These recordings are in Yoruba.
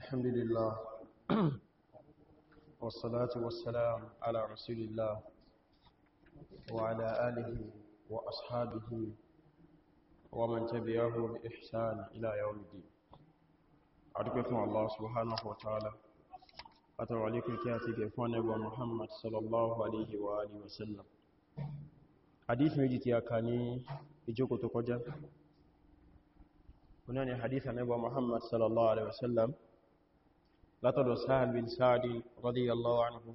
الحمد لله والصلاة والسلام على رسول الله وعلى آله وأصحابه ومن تبعه بإحسان إلى يوم الدين أرجوكم الله سبحانه وتعالى أتوا عليكم كاتب إخوان محمد صلى الله عليه وآله وسلم حديث مجيتي أكاني إجوكو تقجر هنا حديث عن محمد صلى الله عليه وسلم látọ̀dọ̀ sáàl bin sáàdì radiyallahu anhu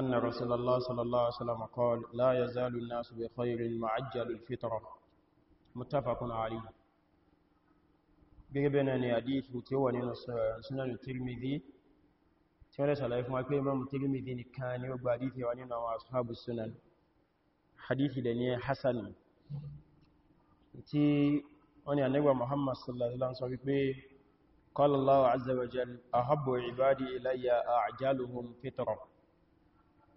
anna rasulallah sallallahu alaihi wasallam qal la yazalu an-nasu bi khairin ma'ajjalul fitra muttafaqun alayh gẹ́gẹ́ bẹ́ẹ̀ ni àdíṣù tí ó wà nínú sunanu tirmidhi tí wọ́n lè sàlàyé fún akwai imam tirmidhi nìkan ni ó gba àdíṣì wà nínú àwọn ashabu sunan hadithi da ni hasan tí wọ́n ni annabi muhammad sallallahu alaihi wasallam sọ wípé قال الله عز وجل أحب عبادي إلي أعجلهم فطرة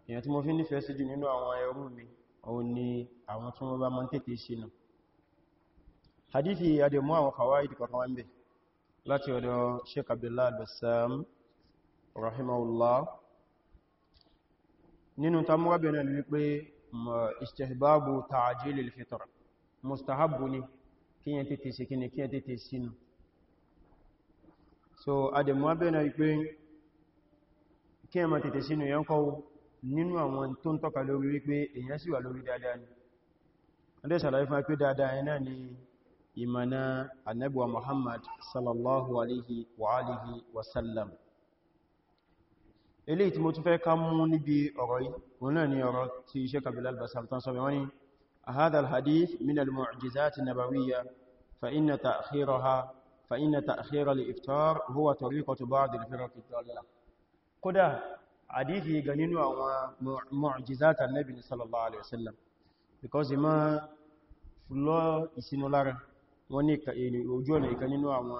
èyàn tí mo fi nífẹ̀ẹ́ sí jù nínú àwọn ẹrú mi òun ni àwọn tí wọ́n bá mọ́ tètè ṣìnà hadithi adẹ̀mú àwọn fawaid kọ̀kan wọ́n bẹ̀ láti ọ̀dọ̀ sheik abdullahi al-bassam rahimahullah nínú tamura bẹ̀rẹ̀ ní wípé istihbabu ta'ajilil fitr mustahabbu ni kíyàn tètè ṣe kíni kíyàn tètè ṣìnà so adẹ̀mọ́ abẹ́nà wípé kí ẹ ma tètè sínú yẹn kọ́ nínú àwọn tó ń tọ́ka lórí wípé èyàn sì wà lórí dáadáa ni adẹ́ sàlàyé fún pé dáadáa yẹn náà ni ìmọ̀nà annabuwa muhammad sallallahu alaihi wa alihi wasallam ilé tí mo tún fẹ́ ká mú níbi ọ̀rọ̀ yìí òun náà ni ọ̀rọ̀ tí Sheikh Bilal Bassam tán sọ bẹ̀ wọ́n ni hadha al-hadith min فإن تأخير الإفطار هو طريقة بعض الفرق الضالة كده حديث غنينو àwọn mu'jizat annabi sallallahu alaihi wasallam because ma flo isinu lára wọ́n ní ka ẹni ojú ọ̀nà ìkan nínú àwọn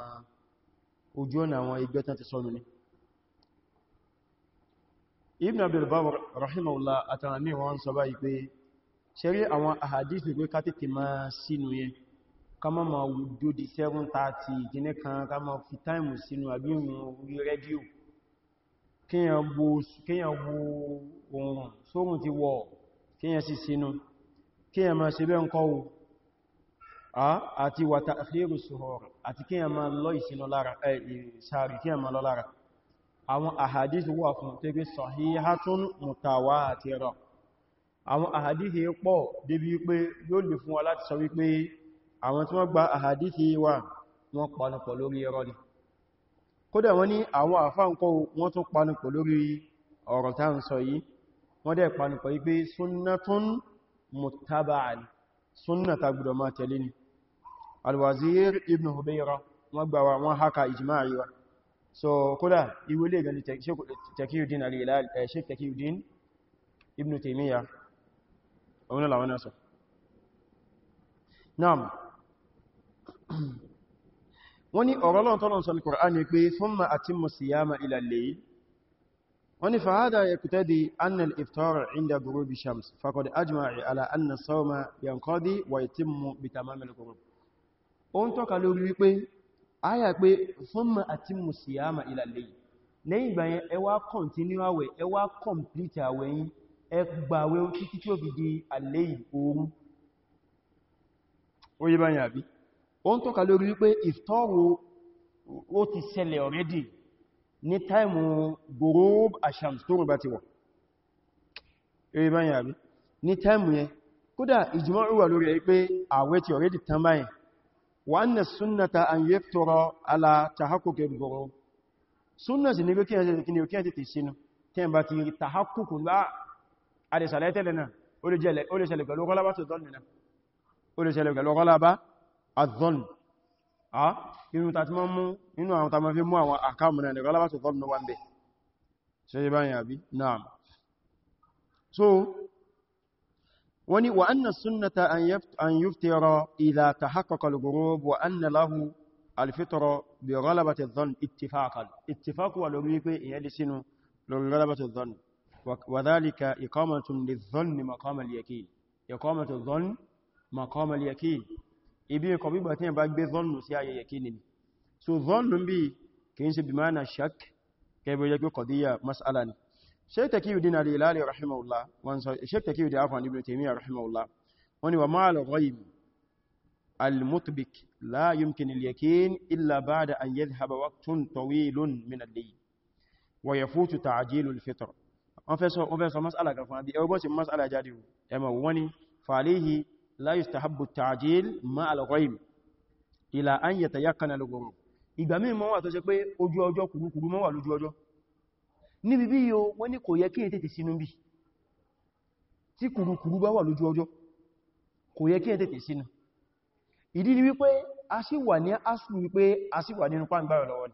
ojú ọ̀nà àwọn igbe tan ti sọnù ni ibn abdul bawr rahimahullah atani wọ́n sọ báyìí pé seri àwọn ahadith pé ká tètè ma sínú yẹn kama ma wùdó di 7:30 gínẹ́ kan kama fi táìmù sínú àbí òun orí rédíò kíyàn wo oòrùn sóòrùn ti wọ̀ kíyàn sí sínú kíyàn ma ṣe bẹ́ ń kọ́wò àti wàtà àfíèrò sọ̀rọ̀ àti kíyàn ma lọ ìsinú lára sàárì kíyàn ma lọ lára àwọn àhàdìsì wà fún tẹ́gbẹ́ sahihatun mutawatirah àwọn àhàdìsì pọ̀ débi wípé yóò àwọn tí wọ́n gba àhàdífì wà wọ́n panupọ̀ lórí ẹ̀rọ ni kódà wọ́n ní àwọn àfáǹkọ́ wọ́n tún panupọ̀ lórí ọ̀rọ̀ tá ń sọ yìí wọ́n dẹ̀ panupọ̀ yìí pé sunnatun muttaba'an sunnata gbọdọ̀ alwazir ibn hubayra wọ́n gba wọn haka ijma'i wa so kódà ìwé lè gani takiyuddin al-Hilali sheikh takiyuddin eh, ibn taymiya wọ́n lọ́wọ́ náà sọ naam wọ́n ní ọ̀rọ̀lọ́n tọ́lọ̀ sọ ní Kùránì pé thumma atimmu siyama ila al-layl wọ́n ní fahada yaqtadi anna al-iftara inda ghurubi shams faqad ajma'u ala anna as-sawma yanqadi wa yatimmu bi tamam al-ghurub ó ń tọ́ka lórí wípé áyà pé thumma atimmu siyama ila al-layl lẹ́yìn ìgbà yẹn ẹ wá continue àwẹ̀ ẹ wá complete àwẹ̀ yín ẹ gbàwẹ̀ títí tí ó fi di al-layl òru ó ń tọ́ka lórí wípé ìftọ́rù ó ti ṣẹlẹ̀ already ní táìmù gòròb àṣàmì tó rùn bá ti wọ̀ eré báyìí àbí ní táìmù yẹn kódà ìjìmọ̀ wà lórí ẹ̀ pé ti already tán báyìí wa anna sunnata an ala tahakkuki al-ghurub súnnà sí ní pé kí ẹ ti tẹ̀sínú tí ẹ bá ti tahakkuku lá àdìsàlẹ́tẹ̀lẹ̀ náà ó lè ṣẹlẹ̀ pẹ̀lú ọgọ́lábá الظلم inú ta ti mọ́ mú inú àwọn ta ma fi mú àwọn àkàmù náà nìkan alábàtò tọ́lù ní wà ń bẹ̀ ṣe yẹ báyìí àbí naam so wani wa anna sunnata an yuftira idha tahaqqaqa al-ghurub wa anna lahu al-fitra bi ghalabati adh-dhann ittifaqan ittifaqu wa lórí pé ìyẹn di sínú lórí ghalabati adh-dhann wa dhalika iqamatu lidh-dhanni maqama al-yaqin iqamatu adh-dhanni maqama al-yaqin ibi ẹ̀kọ̀ gbígbà tí yẹn bá gbé zọ́nù sí ayẹyẹ kí ni so zọ́nù bí kì í ṣe bí máa na shak kẹbẹ̀ yẹ kọdíyà masala ni sheik takiyuddin al-hilali ni wa ma'al لا يستحب التعجيل مع الغيم إلى أن يتيقن الغروب ìgbà míì mọ́ wà tó ṣe pé ojú ọjọ́ kùrùkùrù mọ́ wà lójú ọjọ́ níbi bí yíò wọ́n ní kò yẹ kí è tètè sínú bí tí kùrùkùrù bá wà lójú ọjọ́ kò yẹ kí è tètè sínú ìdí ni wípé a sì wà ní asù wípé a sì wà nínú pàǹgbàrà lọ́wọ́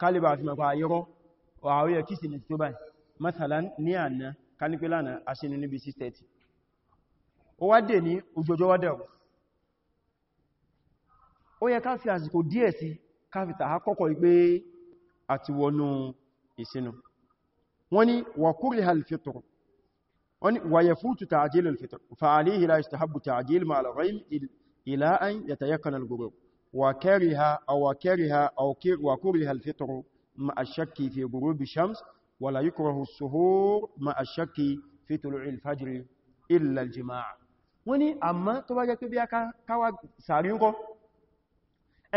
kálíbà fi mọ̀pá ayọ́rọ́ àwọ́yẹ kìí sílẹ̀ tó báyìí mathalan ní àná kanípélànà aṣínú níbi 630 ó wá dè ní ojòjò wá dẹ̀rù ó yẹ ká fi àsìkò díẹ̀ sí káfìtà àkọ́kọ́ ìgbé àti wọnú ìsinú wọ́n ni wà kúrì halifitr wọ́n ni wà yẹ وكرها أو وكرها أو وكره الفطر مع الشك في غروب الشمس ولا يكره السهور مع الشك في طلوع الفجر إلا الجماع wọ́n ní àmá tó bá jẹ́ pé bí a káwà sàárín kọ́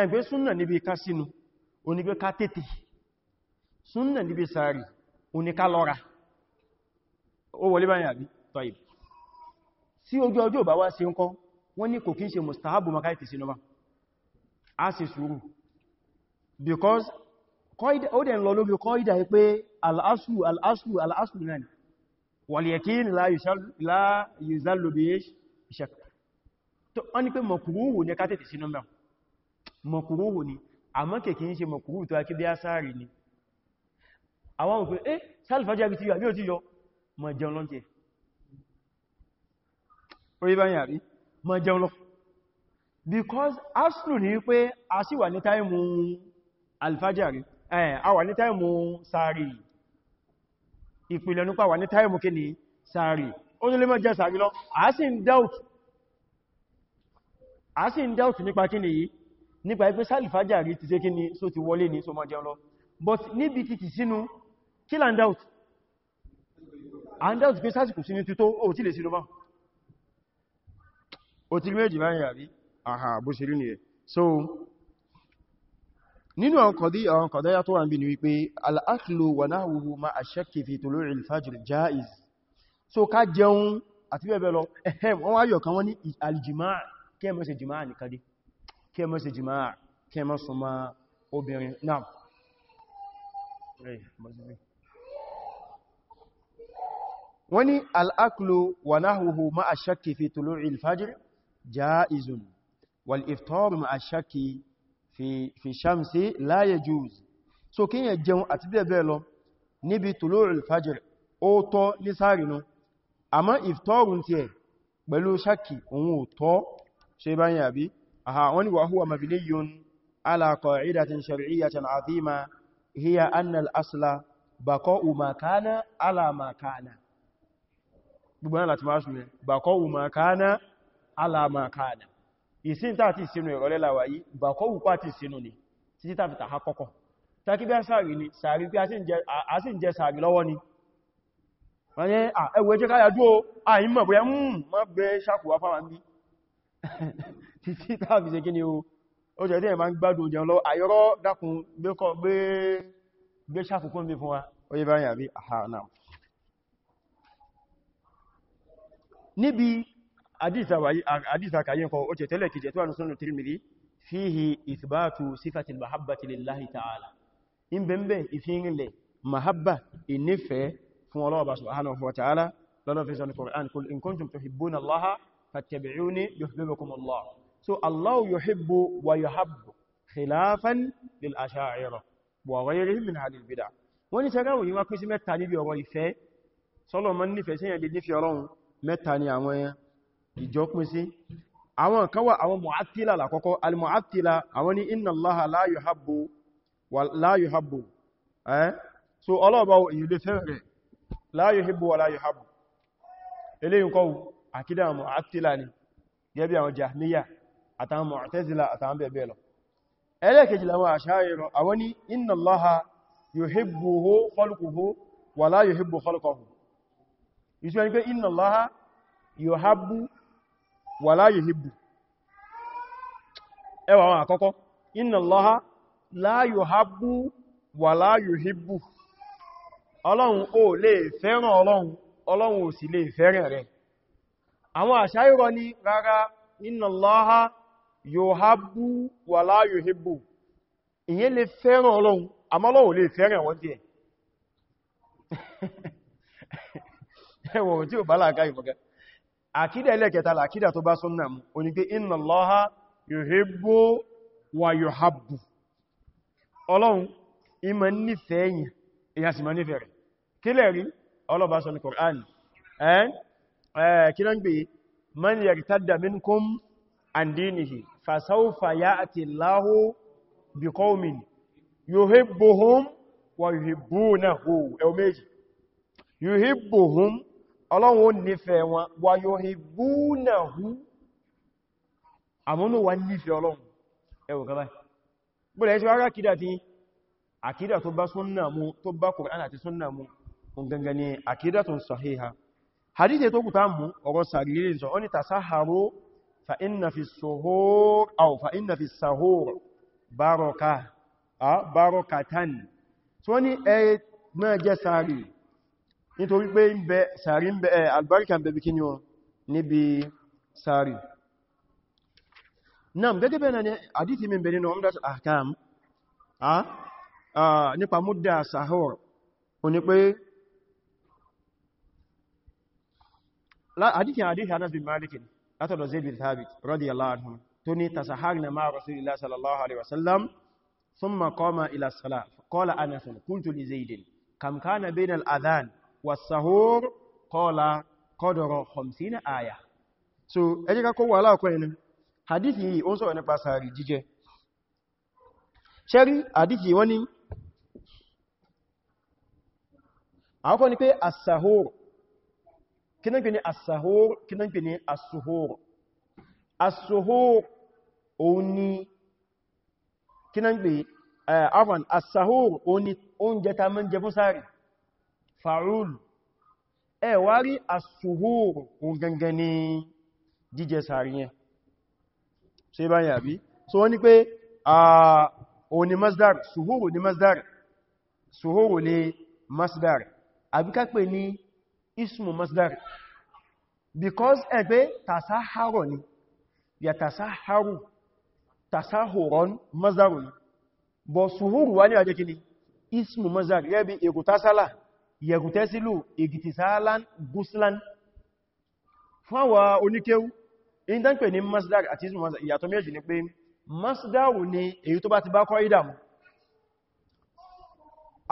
ẹgbẹ́ súnnà níbi ká sínú onígbé ká tètè súnnà níbi sàárì oníká lọ́ra ó wọlé báyìí àbí tọ́yìí sí ojú ọjọ́ bá wá sí ń kọ́ wọ́n ní kò kí ń ṣe mustahabu makaiti sínú bá a ṣe sùúrù because ó dẹ̀ lọ lórí kọ́ ìdá pé al'aslu al'aslu al'aslu náà ni wàlìyàkín láyìzálòbí ṣak tó wọ́n ni pé mọ̀kúrúhù ní ká tètè sínú mẹ́rin mọ̀kúrúhù ni àmọ́ kèkè ń ṣe mọ̀kúrúhù tó akí bí á sáàrì ni àwọn òfin eh sálìfàjá bí ti yọ àbí ò ti yọ mọ̀ jẹun lọ́ntẹ́ orí báyìí àrí mọ̀ jẹun lọ́fún because aslu ni pé a sì wà ní táìmù alfajari eh a wà ní táìmù sààrì ìpìlẹ̀ nípa wà ní táìmù kí ni sààrì ó ní lè mọ́ jẹ́ sààrì lọ a sì in doubt a sì ń doubt nípa kí ni yìí nípa ipé sàlìfajari ti ṣe kí ni so ti wọlé ní so mọ́ jẹun lọ but níbi ti ti sínú kí là and doubt a ń doubt pé sásìkò sínú tító ó ti lè sínú bá ó ti méjì báyìí àbí àhà bó ṣe rí nìyẹn so nínú àwọn kọ̀dí àwọn kọ̀dáyà tó wà ń bí ni wípé al'aklu wa nahwuhu ma ash-shakki fi tulu'i al-fajr ja'iz so ká jẹun àti bẹ́ẹ̀ lọ ẹ̀hẹ́m wọ́n wáyọ̀ kan wọ́n ní aljima'a kẹ́ẹ̀mọ́ ṣe jima'a nìkan dé kẹ́ẹ̀mọ́ ṣe jima'a kẹ́ẹ̀mọ́ súnmọ́ obìnrin náà wọ́n ní al'aklu wa nahwuhu ma ash-shakki fi tulu'i al والإفطار مع الشك في, في الشمس لا يجوز so kí yẹn jẹun àti bẹ́ẹ̀ bẹ́ẹ̀ lọ níbi tulu'ul fajr ó tọ́ ní sáàrínú àmọ́ ìftọ́rùn tí ẹ̀ pẹ̀lú ṣákì òun ò tọ́ ṣe bá yà bí àhà wọ́n ni wa huwa mabniyyun ala qa'idatin shar'iyyatin 'azima hiya anna al-asla baqa'u ma kana ala ma kana gbogbo náà láti máa ṣùgbẹ́ baqa'u ma kana ala ma kana ìsìn tàà ti sínú ìrọ̀lẹ́ láwà yìí bàkọ́wù pà ti sínú ni títí tàà fi tàà kọ́kọ́ tàkí bí sàárì ni sàárì pé a sì ń jẹ sàárì lọ́wọ́ ni wọ́n yẹ́ ẹwẹ́ jẹ́ káyà dúó àìmọ̀ bóyá mú hmm, má gbé sàkùwà fáwọn bí títí tàà fi ṣe haditha kayin ko o ce tele kije to anu sunu tirmidhi fihi ithbatu sifati almahabbati lillahi ta'ala in bembe ifin le mahabba inife fún Ọlọ́run ba subhanahu wa ta'ala lọ́nà fi sọ́nà Qur'an kul so allah yuhibbu wa yuhabbu khilafan lil asha'ira wa ghayrihim min ahli al-bid'ah woni tagawo ni wa kun sí mẹ́ta ni Ọlọ́run mẹ́ta ni àwọn ìjọ pín sí àwọn kan wà àwọn mu'attila lákọ́kọ́ al-mu'attila àwọn ní inna allaha la yuhabbu wa la yuhabbu eh so ọlọ́ọ̀bá èyí lè fẹ́ rẹ̀ la yuhibbu wa la yuhabbu eléyìn kọ́ àkídà mu'attila ni gẹ́bí àwọn jahmiya àtàwọn mu'tazila àtàwọn bẹ̀bẹ̀ lọ ẹlẹ́kejì làwọn àṣáyẹrọ àwọn ní inna allaha wà láyé ẹwà àwọn àkọ́kọ́ inna lọ́ha: la yuhabbu wà la yuhibbu ọlọ́run ó lè fẹ́ràn ọlọ́run ọlọ́run ò sì lè fẹ́ràn rẹ̀ àwọn àṣáyírọ ni rárá inna lọ́ha yuhabbu wà la yuhibbu ìyẹn lè fẹ́ràn ọlọ́run àmọ́ lè fẹ́ràn wọ́n tí àkídà ẹlẹ́kẹta àkídà tó bá súnnà mú o ní pé inna Allaha yuhibbu wa yuhabbu ọlọ́run ìmọ̀ nífẹ̀ẹ́ yìí èyà sì mọ̀ nífẹ̀ẹ́ rẹ̀ kí lẹ̀ rí ọlọ́bá sọ ní Qur'an kí lọ́n gbé man yartadda minkum an dinihi fasawfa ya'ti Allahu biqawmin yuhibbuhum wa yuhibbunahu ẹ̀wọ̀ méjì ọlọ́run ó nífẹ̀ẹ́ wọn wà yóò hì búnà hú àmúnú wà nífẹ̀ẹ́ ọlọ́run ẹwọ gaba bọ́lá ẹ̀ṣẹ́ ara kìdà tí àkídà tó bá súnnà mú tó bá Kùránì àti súnnà mú ǹgangan ni àkídà tó sàhíha hadith tó kùtà mú ọ̀rọ̀ sàrílẹ̀ fa inna fi suhur aw fa inna fi sahur baraka a barakatan tó ní ẹ máa nítorí pé ń bẹ sàárì ń bẹ albarka ń bẹ bí kíni wọn níbi sàárì náà gẹ́gẹ́ bẹ́ẹ̀ náà ni àdíti mi bẹ̀rẹ̀ náà ọmọdá àkàm nípa múdà sahur o ní pé àdíti àdíti Anas bin Malik látọ̀dọ̀ Zayd bin Thabit radiyallahu anhu tó ní tasaharna ma'a Rasulillah sallallahu alaihi wasallam thumma qama ila salat qala Anas kam kana bayna al-adhan والسهور قال قدر خمسين آية so ẹjẹ́ kakọ́ wà aláàkọ́ ẹni hadithi yìí ó ń sọ̀rọ̀ nípa sàárì jíjẹ ṣẹ́rí hadithi wọ́n ni àkọ́ ni pé asahor kínáǹpé ni asahor kínáǹpé ni asuhor asuhor òun ni kínáǹpé eh, afan asahor òun oúnjẹ ta mọ́ jẹ fún sàárì fa'ul ẹ wá rí as-suhur ohun gangan ní jíjẹ sàárì yẹn ṣe bá yà bí so wọ́n ni pé òun ni masdar suhur ni masdar suhur ni ismu masdar because ẹ pé tasaharo ni ya tasaharu tasahuron masdaru ni bọ̀ suhur wá ní àjẹ́kini ismu masdar yẹ́ bí èrò tasala yẹ̀gùtẹ́sílù ìgìtìsáàlán gúslan fún àwọn oníkéwú in dán pè ní masdar àti ismu masdar ìyàtọ̀ méjì ni pé masdar ni èyí tó bá ti bá kọ́ ìdàmù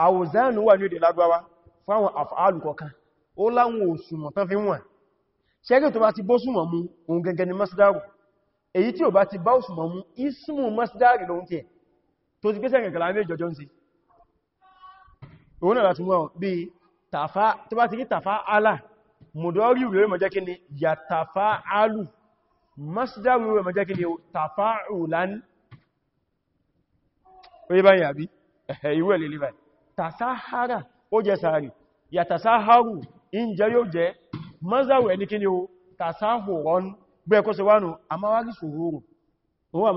àwòzánù wà ní èdè lágbàwá fún àwọn àfàálù kọ̀kan ó láwọn òṣùmọ̀ tán fi wọ́n ṣẹ́gẹ́ tó bá ti bó súnmọ̀ mú ohun tàfá tó bá ti rí tàfá alá mùdọ́rí rẹ̀ mọ̀ jẹ́ ni yà tàfá alù masdaru rẹ̀ mọ̀ jẹ́ ni tàfá ulán oye báyìí àbí ẹ̀hẹ̀ ìwé lè lè tàsáhárà ó jẹ sàárì yà tàsáhárù ìjẹ yóò jẹ masdaru ẹni kí ni o tàsáhùrọ́n gbẹ́ẹ̀kọ́ sọ wánu àmáwárí sòhóró wọ́n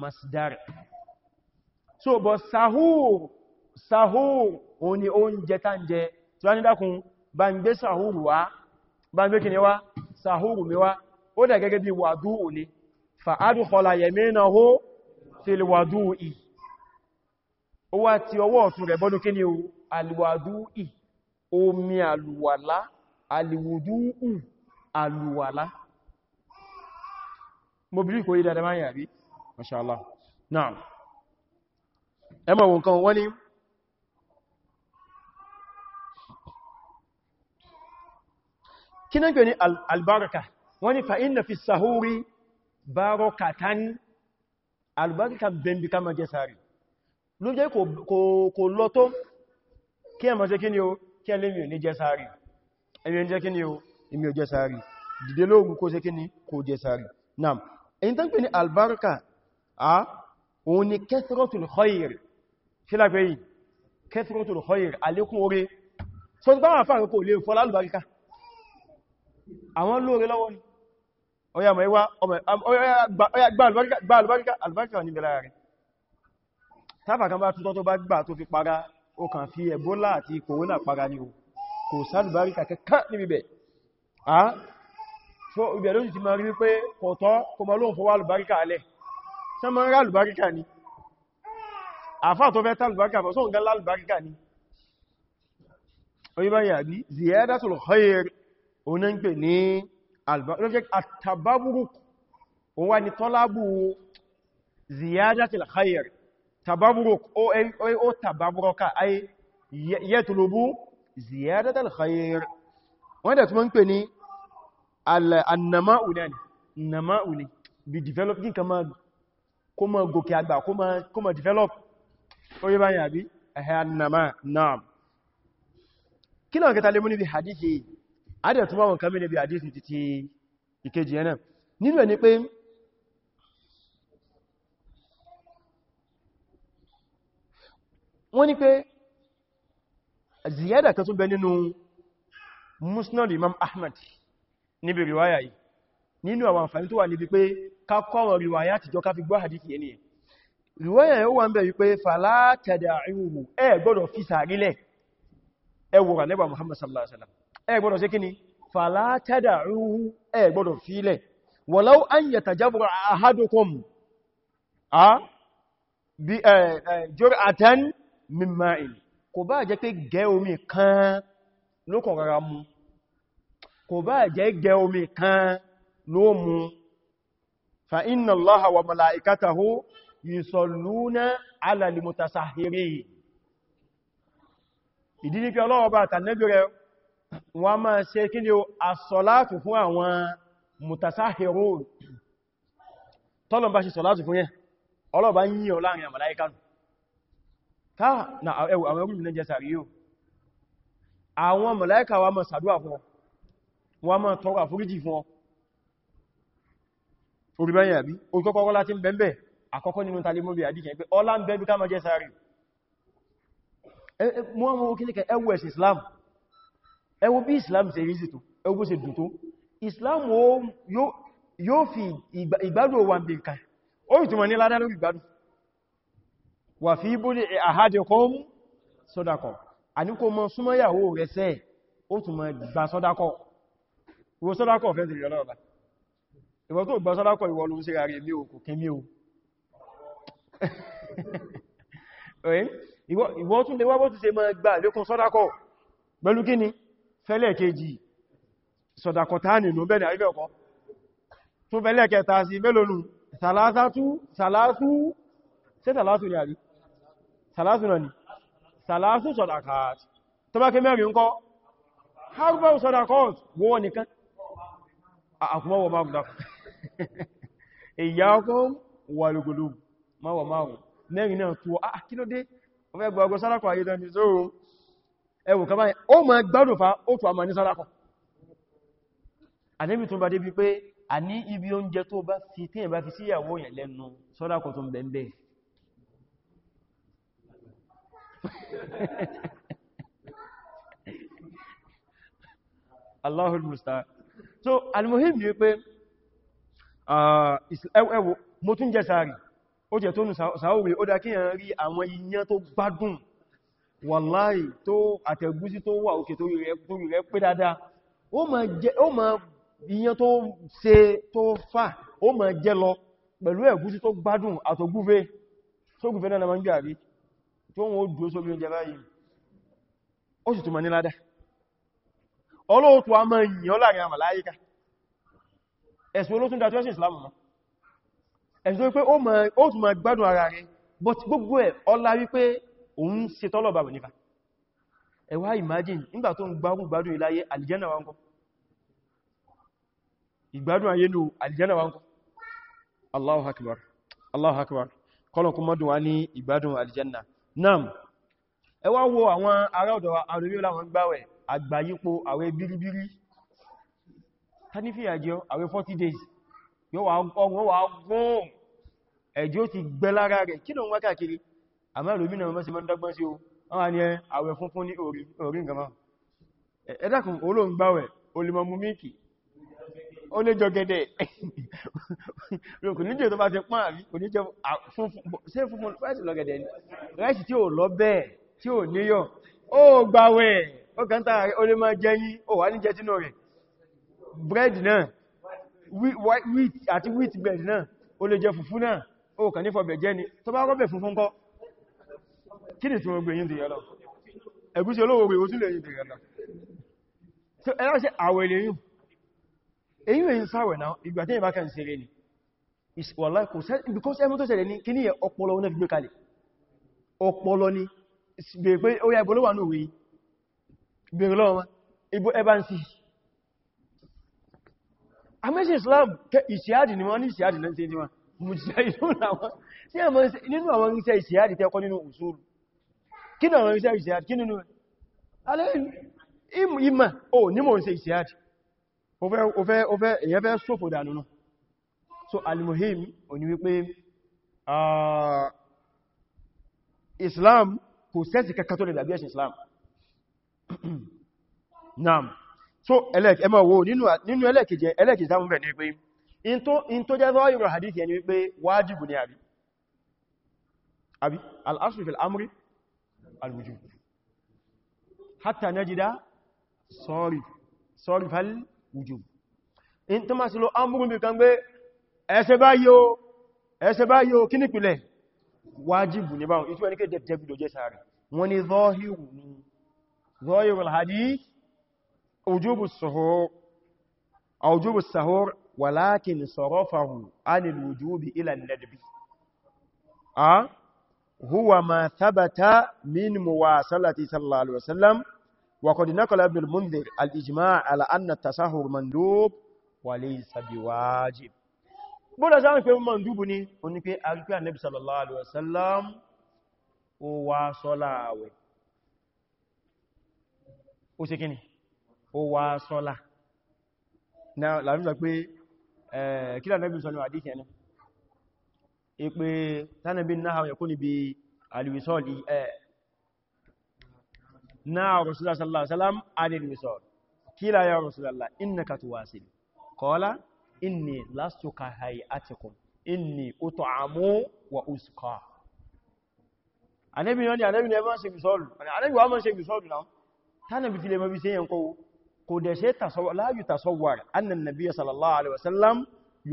wà so bọ̀ sahur sahur o ni oúnjẹ tánjẹ tí wá ní dákun bá ń gbé sahur wá bá ń gbé kìí wá sahur mi wá ó dẹ̀ gẹ́gẹ́ bí wàdú ò ní fa'adu kọla yẹ̀mẹ́nà hó fil wàdú ì ó wá ti ọwọ́ ọ̀tún rẹ̀ bọ́dún kí o alwàdú ì omi alùwàlá alìwùdú ù mo bí kò yí dáadáa máa yàrí mashallah ẹmọ̀ wọn kan wọ́n ni kí náà pè ní albarka wọ́n ní fa'inna fi sahuri barokatan albarka bẹ̀mbi ká ma jẹ sàárì ló jẹ́ kò lọ tó kí ẹ ma jẹ́ kí ni o kí ẹ lè mi ò ní jẹ sàárì ẹmi ò jẹ́ kí ni o èmi ò jẹ sàárì dìde lóògùn kó jẹ́ kí ni kò jẹ sàárì nam bá wà fáà kò lè fọ́lá albarka àwọn lóore lọ́wọ́ ni ọya mọ̀ ẹwà ọya gbà albáríkà albáríkà ní bẹ̀lá rẹ̀ tàbà kan bá tútọ́ tó bá gbà tó fi para ó kàn fi Ebola àti corona para ni o kò sálùbáríkà kẹ́kẹ́ níbi bẹ̀ a so ibẹ̀ lójú ti ma rí wípé kọ̀tọ́ kò mọ́ lóun fọwọ́ albáríkà alẹ́ tẹ́ mọ́ rá albáríkà ni àfá tó fẹ́ tálùbáríkà fọ́ sóhun gan lálùbáríkà ni orí báyìí àbí ziyadatul khair oná ń pè ní àtàbábúrúk o wá ní tọ́lábù ziyadatil o tàbábúrúk o tàbábúrọ́ka ay yẹ́tùlúbú ziyadatil khayr wọ́n dẹ̀ tún ń pè ní annama'u náà nama'u develop ní kama kó ma gòkè develop orí báyìí àbí ẹ̀hẹ́ annama náà kí náà kẹta lè mú níbi hadithi adẹ̀ tó wọ́n kàmí níbi àdífì títí ìkejì ẹ̀nà nínú ẹ̀ ni pé wọ́n ni pé ziyada kan tún bẹ nínú musnad imam ahmad níbi riwaya yìí nínú àwọn àǹfàní tó wà níbi pé kákọ́rọ̀ riwaya àtijọ́ ká fi gbọ́ àdífì ẹni ẹ̀ riwaya yóò wà ń bẹ̀ wípé fàlátàdà ìhùhù ẹ gbọ́dọ̀ fi sàrílẹ̀ ẹwọ̀rà nẹ́bà muhammad sallallahu alaihi wasallam ẹ gbọ́dọ̀ ṣe kíni fala tada'uhu ẹ gbọ́dọ̀ fílẹ̀ walau an yatajabra ahadukum a bi jur'atan min ma'in kò bá jẹ́ pé gẹ omi kan ló kàn rárá mu kò bá jẹ́ gẹ omi kan ló mu fa inna allaha wa mala'ikatahu yusalluna ala al-mutasahhirin ni pé Ọlọ́run bá tànẹ́bí rẹ̀ wọ́n máa ṣe kí ni o asọ́látù fún àwọn mutasahirun tọ́lọ̀n bá ṣe sọ́látù fún yẹn ọlọ́bá yíyàn láàrin àmàláìkánu káà na ẹwù àwọn ogun nílẹ̀ jẹsàrí yóò àwọn màláìkà wa máa sàdúwà fún wọn máa tọrọ àforíjì fún ọ oríbẹ̀yìn àbí oríkọ́kọ́rọ́ láti ń bẹ̀m̀bẹ̀ àkọ́kọ́ nínú talimori àdíkẹ̀ pé ọlá ń bẹ̀bí ká máa jẹ́ sáré mọ́ wọn ó kíníkẹ̀ ẹwù ẹ̀sìn Islam ẹ wo bí islam ṣe rí sítò ẹ wo bó ṣe dùn tó islam yóò fi ìgbádùn wà ń bí nǹkan ó yìí tó mọ̀ ní ládá lórí ìgbádùn wà fi bó lè ahadikum sọ́dakọ̀ àníkò mọ́ súnmọ́yàwó rẹ̀ sẹ́ ó tún mọ́ gbà sọ́dakọ̀ wo sọ́dakọ̀ fẹ́ tìrì ọlọ́ọ̀bá ìwọ tó gbà sọ́dakọ̀ ìwọ ló ń ṣe rárẹ̀ mí o kò kí mí o ìwọ tún lè wá bó tún ṣe mọ́ gbà lékún sọ́dakọ̀ pẹ̀lú kíni fẹ́lẹ̀kejì sọ̀dàkọ̀tánì ló bẹ̀rẹ̀ àríbẹ̀ọ̀kọ́ tó fẹ́lẹ̀kẹta sí mélòlù sàlásátú sàlású sí sàlásù ní àrí sàlásù náà ni sàlásù sọ̀dàkàtì tó bá kí mẹ́rin ń kọ́ harbor sọ̀dàkọ́t wọ́n nìkan àkùmọ́wọ̀ márùn dákùn ìyákùn wà lùgùlù márùn márùn mẹ́rin náà tó ah, ẹwù kan báyìí ó ma gbádùn fa ó tù àmà ní sárakọ̀ àníbi tó bá dé bí pé a ní ibi oúnjẹ tó bá fi tí ìbá fi síyàwó yẹn lẹ́nu sọ́dákọ̀ tó ń bẹ̀m̀bẹ̀ Allahul musta'an so almuhim yìí pé ẹwù mo tún jẹ sàárì ó jẹ tó nù sàárì ó dá kíyàn rí àwọn iyán tó gbádùn wàláì tó àtẹ̀gúsí tó wà òkè tó rẹ̀ pé dáadáa ó ma jẹ ó ma iyan tó se tó fà ó ma jẹ lọ pẹ̀lú ẹ̀gúsí tó gbádùn àtọ̀gúfe sógúfe náà ma ń gbà rí tó wọ́n dúó sórí oúnjẹ báyìí ó sì tó ma níládá ọlọ́ọ̀tọ̀ a ma yìnyàn láàrin àmàláyíká ẹ̀sùn olótún dájọ́ sí ìsìlámù mọ́ ẹ̀sùn wípé ó tún ma gbádùn ara rẹ̀ but gbogbo ẹ̀ ọlá wípé òun ṣe tọ́lọ̀ bàbà nífà ẹ wá imagine nígbà tó ń gbárùn gbádùn iláyé aljanna wa ńkọ́ ìgbádùn ayé ní aljanna wa ńkọ́ Allahu akbar Allahu mọ́dún wa ní ìgbádùn nam wo àwọn ará ọ̀dọ̀ àrùn láwọn gbáwẹ̀ 40 days àmá ìlòmínà mọ́ sí mọ́ dágbọ́n sí o wọ́n ni àwẹ̀ funfun ní orí nǹkan ẹ̀dàkùn olóǹgbàwẹ̀ olùmọ̀mùmíkì ó lè jọ gẹ́dẹ̀ kòníjẹ́ tó bá ti pán àrí kòníjẹ́ funfun láìsì lọ gẹ́dẹ̀ láìsì tí ó lọ bẹ́ẹ̀ tí ó níyọ̀ ó gbàwẹ̀ ó kẹta rẹ̀ ó lè máa jẹ yí ó ní bread náà wheat àti wheat bread náà ó lè jẹ funfun náà ó kàn ní fọ́bẹ̀ jẹ́ ni funfun kí ni tí wọ́n gbé yín ti yọ́lọ́ ẹ̀gúsí olówó gbé òtún lè yín ti yọ́lọ́ so ẹ̀lá sí àwẹ̀ lè yìn èyí lè yìn sáwẹ̀ náà ìgbà tí ìbákan sí rẹ̀ ni wàlá kò because ẹmú tó ṣẹlẹ̀ ní kí ní ọpọlọ ni bèèrè pé ó yá ìbọlọ́wà ní òwe bèèrè lọ́wọ́ Islam ìṣíádì ni wọ́n ní ìṣíádì lẹ́ntẹ́ ni wọ́n mùsílẹ̀ ìlú àwọn tí ẹmọ́ nínú àwọn iṣẹ́ ìṣíádì tẹ́kọ́ nínú usulu kí ní àwọn iṣẹ́ ìṣẹ́ kí nínú alẹ́ ìmọ̀ o ní mò ń ṣe ìṣẹ́ àti òfẹ́ èyàn fẹ́ sófò dànù náà so alimohim o ni wípé Islam kò sẹ́sì kẹta tó lè dàbí ẹ̀ṣin Islam naam so ẹmọ wo nínú ẹlẹ́kẹjẹ ẹlẹ́kẹjẹ sáwọn bẹ̀ ní wípé in tó jẹ́ zọ́ ìrọ̀ hadith yẹn ni wípé wájìbù ni àbí al'asùfil amri alwujud hatta najida sorry sorry fal wujub in to ma se lo amuru bi kan gbe ese bayi o ese bayi o kíni pìlẹ̀ wajibu ni bawo itu enike de bi do je sare wọ́n ní zahiru ni zahiru alhadith wujubu suhur aw wujubu sahur walakin sarafahu anil wujubi ila an-nadbi ah هو ما ثبت من مواصلة صلى الله عليه وسلم وقد نقل ابن المنذر الإجماع على أن التساهر مندوب وليس بواجب bọ́dá sáwọn pé mọ̀ndúbù ní onípe arípé ànẹ́bì sallallahu alaihi wasallam ó wá sọ́lá àwẹ̀ ó ṣe kíni ó wá sọ́lá na láàrín lọ pé kílà ànẹ́bì sọ́lá àdíkẹ̀ náà ipe tánàbí náà yẹ̀kú níbi alwisol ẹ̀ náà rasulullah sallallahu alaihi wasallam alwisol kíla ya rasulullah innaka tuwasil qala inni lastu ka hay'atikum inni ut'amu wa usqa anabi yoni anabi ne ma ṣe bisol anabi wa ma ṣe bisol na sallallahu alaihi wasallam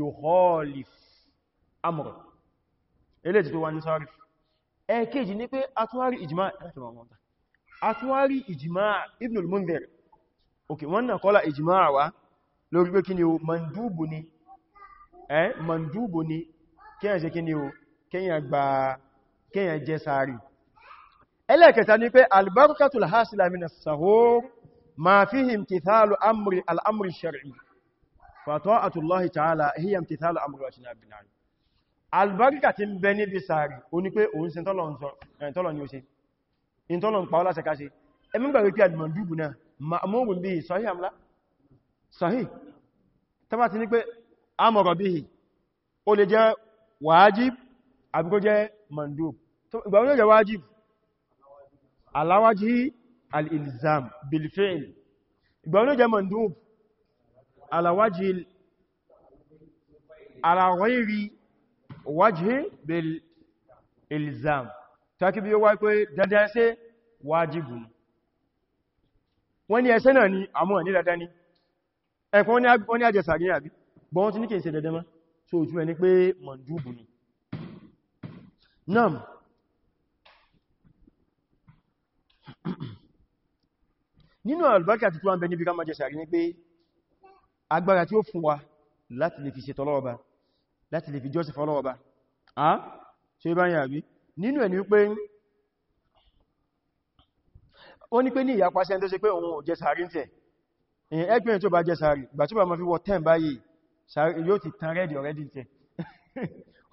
yukhalif amru eléjì tó wá ní sáré ẹ̀kejì ní pé atúwárí ìjìmá atúwárí ìjìmá Ibn al-Mundhir ok wọ́n náà kọ́lá ìjìmá wá lórí pé kí ni o mandubu ni ẹ́ mandubu ni kíyàn ṣe kí ni o kíyàn gba kíyàn jẹ sáré ẹlẹ́kẹta ní pé albarkatul hasila minas sahur ma albarika ti ń bẹ níbi sàárì o ní pé òun sin tọ́lọ̀ ni ó ṣe in tọ́lọ̀ ń pa ọlá ṣẹka ṣe ẹmúgbà wípé àdìmọ̀dúgbù náà ma'amurin bí i sọ́hí àmlá sọ́hí tàbá ti ní pé amọ̀rọ̀ bí i o lè jẹ́ wájib àbí kó jẹ́ mandub ìgbà wọ́n wajhi bil ilzam taki bí ó wá pé dandan ṣe wajibu wọ́n ní ẹ̀ṣẹ̀ náà ni àmọ́ ní dandan ni ẹ̀kọ́ wọ́n ní àjẹsàrí àbí bọ́n wọ́n ti ní kìí ṣe dandan mọ́ so ojú ẹni pé mandubu ni nam nínú albarka ti tó wọ́n bẹ níbi ká máa jẹsàrí ni pé agbára tí ó fún wa láti lè fi ṣe tọ́lọ́ọba láti lè fi jọ́sìn fọ́lọ́wọ́ bá a ṣe bá yà bí nínú ẹni pé ó ní pé ní ìyapa ṣe tó ṣe pé òun ò jẹ sàárì ń tẹ̀ èyàn ẹgbẹ̀rin tó bá jẹ sàárì ìgbà tó bá ma fi wọ 10 báyìí sàárì yóò ti tan rẹ́dì ọ̀rẹ́dì tẹ̀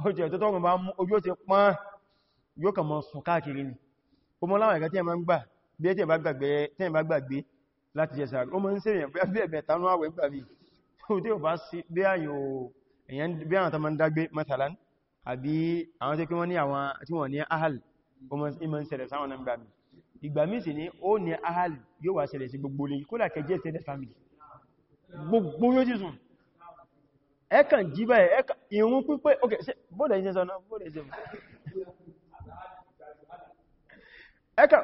ojú ẹ̀ tó tọ́rùn bá mú ojú ó ti pán yóò kàn mọ́ sùn káàkiri ni ó mọ́ láwọn ẹ̀kẹ́ tí ẹ ma ń gbà bí ẹ̀ bá gbàgbé láti jẹ sàárì ó mọ́ ń sèrè bí ẹ̀bẹ̀ tanú àwẹ̀ gbà mí tó tí ó bá sí bí àyò èyàn bí àwọn tọ́mọ ń dágbé matalan àbí àwọn tẹ́kí wọ́n ní àwọn tí wọ́n ní ahal ìmọ̀ ṣẹlẹ̀ sáwọn náà gbàmì ìgbà mí ní ó ní ahal yóò wá ṣẹlẹ̀ sí gbogbo ní kó làkẹ́ jẹ́ tẹ́lẹ̀ family gbogbo yóò jìsùn ẹkàn jí báyìí ìrún pípẹ́ ok bóòdẹ̀ ìṣẹ́ sọ́nà bóòdẹ̀ ìṣẹ́ ẹkàn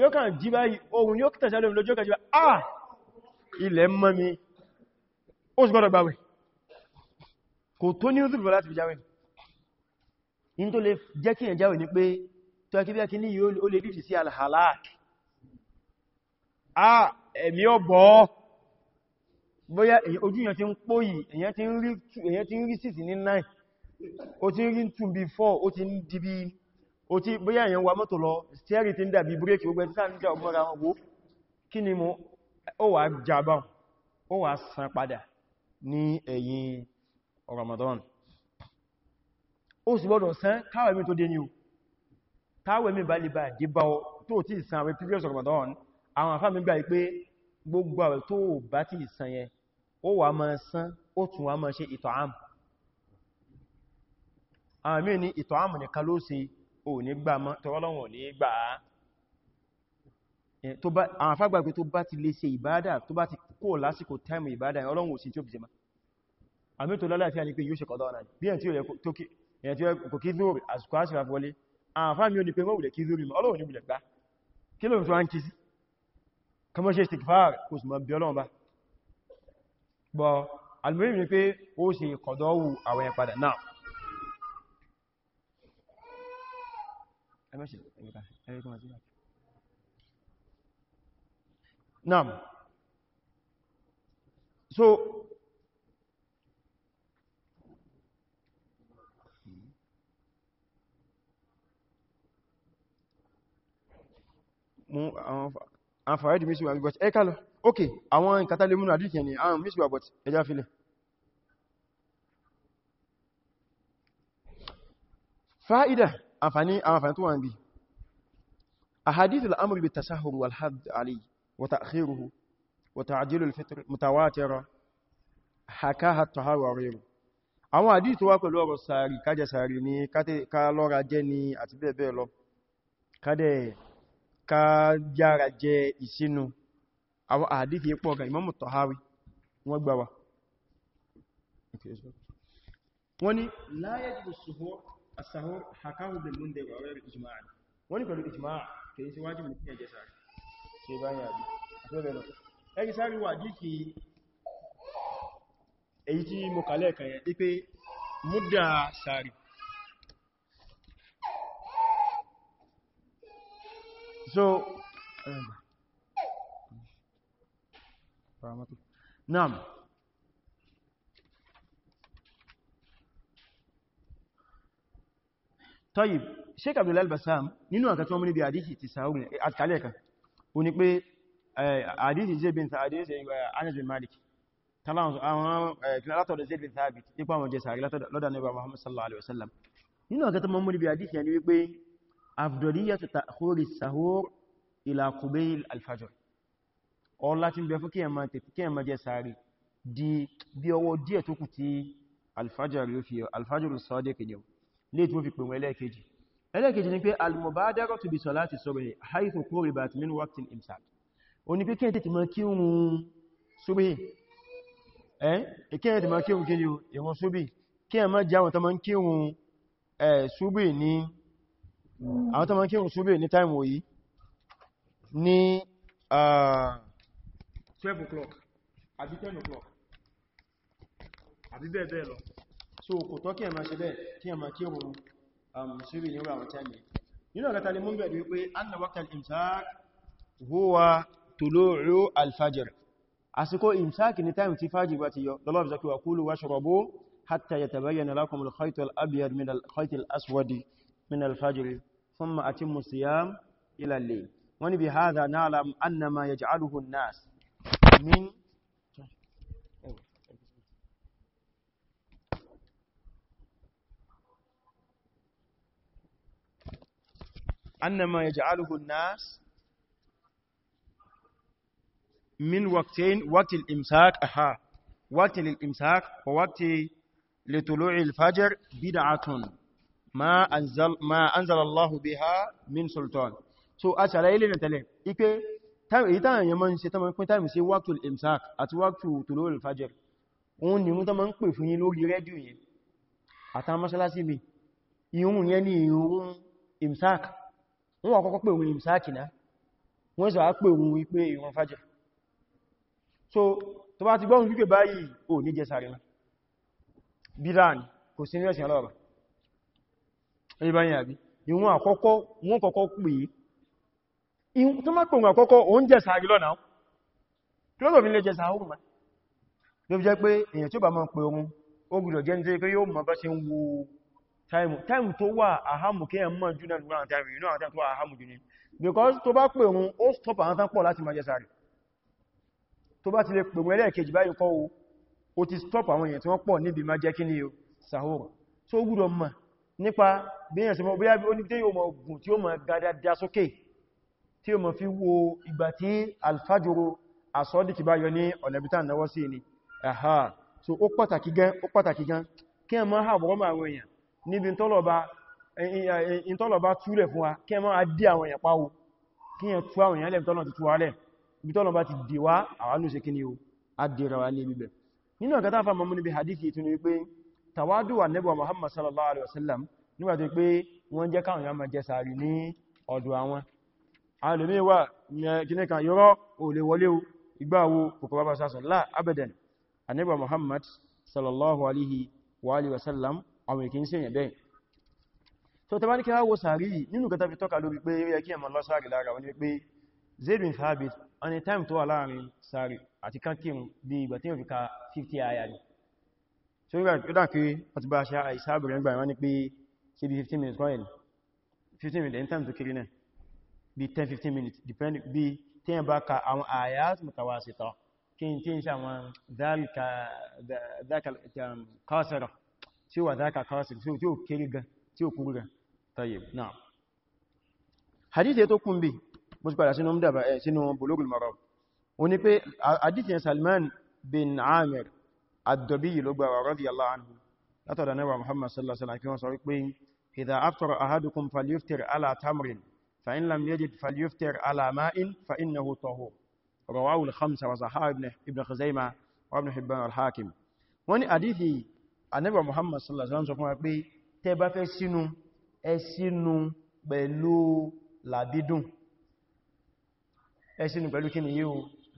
yóò kàn jí báyìí ohun yóò ah ilẹ̀ mọ́ mi kò tó ní òdúrù láti fi jáwẹ̀ in tó lè jẹ́ kí ẹ̀ jáwẹ̀ ní pé tó ẹkí bí ẹkí ní yíó ó lè dìdì sí alhalak ah ẹ̀mí ọ̀bọ̀ bóyá ojú èyàn ti ń pòyì èyàn ti ń rí six ní nine ó ti ń rí two bí four ó ti ń di bí ó ti bóyá èyàn wa mọ́tò lọ stẹ́rì ti ń kí ni mo ó wà jábá ó wà san padà ní ẹ̀yìn Ramadan ó sì gbọ́dọ̀ sán káwẹ̀ mi tó dé ní o káwẹ̀ mi bá lè bá dé bá ọ tó tí ìsan àwẹ̀ previous Ramadan àwọn àfáà mi gbà pé gbogbo àwẹ̀ tó bá ti ìsan yẹn ó wà máa sán ó tún wà máa ṣe ìtọ̀ám àwọn mí ní ìtọ̀ám nìkan ló ṣe ò ní gbà mọ́ tọrọlọ́wọ̀n ní gbà á àwọn àfáà gbà pé tó bá ti lè ṣe ìbádà tó bá ti kó lásìkò táìmù ìbádà ọlọ́run ò sí tí ó fi jẹ máa àmì tó lálàáfíà ní pé yíó ṣe kọ̀dọ̀ ọ̀nà bí ẹ̀ tí ó yẹ kò kí zóòrì àsìkò àṣìrà fọ́lé àǹfà mi ò ní pé mọ́ wùlẹ̀ kí zóòrì mọ́ ọlọ́run ní wùlẹ̀ gbá kí ló ń tó ń kí sí kọmọ́ ṣe istighfar kò sì mọ́ bí ọlọ́run bá bọ́ alìmọ́rin ni pé ó So, àwọn fàáyìdì mísí wà but ẹka lọ ok àwọn ìkàtà lè múnà àdíkẹ̀ ni àwọn mísí wà but ẹjá filẹ̀ fa'ida àǹfàní àwọn àǹfàní tó wà ń bí ahadith al'amur bi tasahhur wal hadd ali wa ta'khiruhu wa ta'jilu al-fitr mutawatira hakaha tahawi wa ghayru àwọn hadith tó ni ká ká yára jẹ ìsinu àwọn àdífì pọ̀ ọ̀gá Imam Tahawi wọ́n gbà wà wọ́n ni la yajibu as-suhur hakahu bil-Mundhir wa ghayrihi ijma'an wọ́n ni pẹ̀lú ijma'a kèyí sí wájú mú kíyànjẹ́ sáré ṣe bá yà bí àtúbẹ̀lọ ẹgbẹ̀ sáré wà díkì èyí tí mo kàlẹ̀ kàyẹ̀ pé múdà sáré so eh, naam tayib sheik abdul albasam nínú àkà tí wọ́n mú níbi àdíkì ti sàúrin àtàlẹ́ẹ̀kà o ní pé àdíkì eh, jẹ́ bin sa'adis eh, anas bin malik tàbí àwọn látọ̀dọ̀ zaid bin thabit nípa àwọn jẹ́ sàárí látọ̀dọ̀ lọ́dọ̀ nígbà muhammad sallallahu alaihi wasallam nínú àkà tí wọ́n mú níbi àdíkì yà ní wípé afdoliyatu ta'khuri sahur ila qubayl alfajr ọlá tí ń bẹ fún kí ẹmà tẹ̀kù kí ẹmà jẹ sàárì di bí ọwọ́ díẹ̀ tó kù tí alfajr sadiq ni lè tí wọ́n fi pè wọ́n ẹlẹ́ẹ̀kejì ẹlẹ́ẹ̀kejì ni pé almubadaratu bi salati subhi haythu quribat min waqtil imsak o ni pé kí ẹ̀ tètè máa kírun subhi ẹ́ kí ẹ̀ tètè máa kírun kí ẹ̀ máa jáwọn tó máa kírun subhi ní àwọn tó ma kírùn ṣúbẹ̀ ní time wòyí ní 12 o'clock àbí 10 o'clock àbí bẹ́ẹ̀ bẹ́ẹ̀ lọ so kò tọ́ kí ẹ ma ṣe bẹ́ẹ̀ kí ẹ ma kírùn um, ṣúbẹ̀ ní ọ̀rọ̀ àwọn time nínú ọ̀gá tàbí mún imsak huwa tulu'u alfajr àsìkò imsak ní time tí fajr bá ti yọ lọ́lọ́bí zaki wa kulu washrabu hatta yatabayyana lakum alkhayt alabyad min alkhayt alaswad min alfajr ثم أتم الصيام إلى الليل بهذا نعلم أن ما يجعله الناس من أن ما يجعله الناس من وقتين وقت الإمساك أها وقت للإمساك ووقت لطلوع الفجر بدعة ma anzalallahu biha min sultan so a ṣàlàyé lè tẹ̀lẹ̀ ipé èyí táwọn èèyàn máa ń ṣe tán máa ń pín táìmì sí wákùl imsak àti wákùl tulul fajr òun ni mú tán máa ń pè fún yín lórí rẹ́díò yẹn àtà mọ́sálásí mi ìhun yẹn ni ìhun imsak wọ́n àkọ́kọ́ pè òun imsak náà wọ́n sọ á pè òun ipé ìhun fajr so tó ti gbọ́n ẹni báyìí àbí ìwọ̀n àkọ́kọ́ wọ́n kọ́kọ́ pè é tó má pè wọn àkọ́kọ́ òun jẹ ma ló fi jẹ́ pé èyàn tí ó bá máa pè ohun ó gbùdọ̀ jẹ́ ní pé yóò mọ̀ bá ṣe ń wo táìmù tó because tó bá pè ohun ó stop àwọn tán pọ̀ láti máa jẹ sàárì ti lè pè ohun ẹlẹ́ẹ̀kejì báyìí kọ́ o ti stop àwọn èèyàn tí wọ́n pọ̀ níbi máa jẹ́ ni o sàhóró so ó gbùdọ̀ nípa bíyàn sí mọ̀ bí i oní tí yóò mọ̀ gùn tí ó mọ̀ gádádá sókè tí ó mọ̀ fi wo ìgbà tí alfajoro asọ́dì ti bá yọ ní ọ̀nàbítà náwọ́ sí ni aha so ó pàtàkì gan ó pàtàkì gan kí ẹ mọ́ àwọ̀rọ̀ mọ́ àwọn èèyàn níbi ìtọ́lọ̀bá túlẹ̀ fún wa kí ẹ mọ́ adí àwọn èèyàn páwo kí ẹ tú àwọn èèyàn lẹ́m tọ́lọ̀ ti tú wa lẹ̀ ibi tọ́lọ̀bá ti dè wá àwọn àánú ṣe kí ni o adìrẹ̀ wa ní ibibẹ̀ nínú ọ̀gá táfà mọ́mú tàwádù wà nẹ́bọ̀ Muhammad sallallahu alaihi wasallam nígbàtí pé wọ́n jẹ́ káwọn yàmà jẹ sàárì ní ọ̀dọ̀ àwọn alìmíwà kìníkà yọ́rọ̀ olèwọlé ìgbàwó kòkòrò sásùn láà abadan anẹ́bọ̀ Muhammad sallallahu alaihi wa Thabit ọni time tó wà láàrin sàárì àti kan bí ìgbà tí wọ́n fi ka 50 ayà tí ó dá kí ọtí bá ṣe àìsáàbù rẹ̀ gbàmọ́ ní pé ṣe bí 15 minutes kọ́yìn 15 minutes time to kiri náà bí 10-15 minutes depend bí tí yẹn bá ka àwọn ayat mutawasita kí n tí ń ṣàwọn dákàkásẹ̀rọ̀ tí ó wà dákàkásẹ̀rọ̀ tí ó kéré gan tí ó kúrú gan tayyib náà hadith tó kún bí mo ti padà sínú eh, bulugul maram ó ní pé hadith yẹn Salman bin Amir الدبي لبا رضي الله عنه لا تدى نبع محمد صلى الله عليه وسلم صلى الله إذا أفطر أحدكم فليفتر على تمر فإن لم يجد فليفتر على ماء فإنه طهور رواه الخمسة وصحاه ابن, ابن خزيمة وابن حبان الحاكم wọ́n àdífì ànẹ́bà Muhammad sallallahu alaihi wasallam sọ fún wa pé tẹ́ bá fẹ́ sínú ẹ sínú pẹ̀lú làbídùn ẹ sínú pẹ̀lú kí ni yíò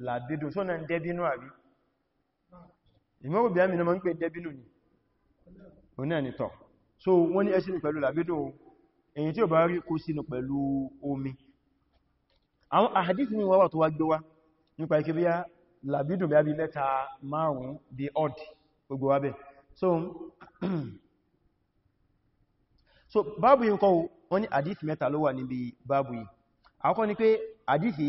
làbídùn sọ́nà ń dẹ́bínú àbí ìmọ́rù bí ámì náà máa ń pè dẹ́bínú ni o náà ni tọ̀ so wọ́n ní ẹṣínú pẹ̀lú làbídò èyí tí ó bá rí kó sínú pẹ̀lú omi àwọn àhàdísì ní wọ́wọ́ tó wá gbé nípa ikẹ́ bíyá làbídò bí lẹ́ta márùn-ún bí odd so so báàbù yìí kọ́ wọ́n ní àdísì mẹ́ta ló wà níbi báàbù yìí àkọ́kọ́ ni pé àdísì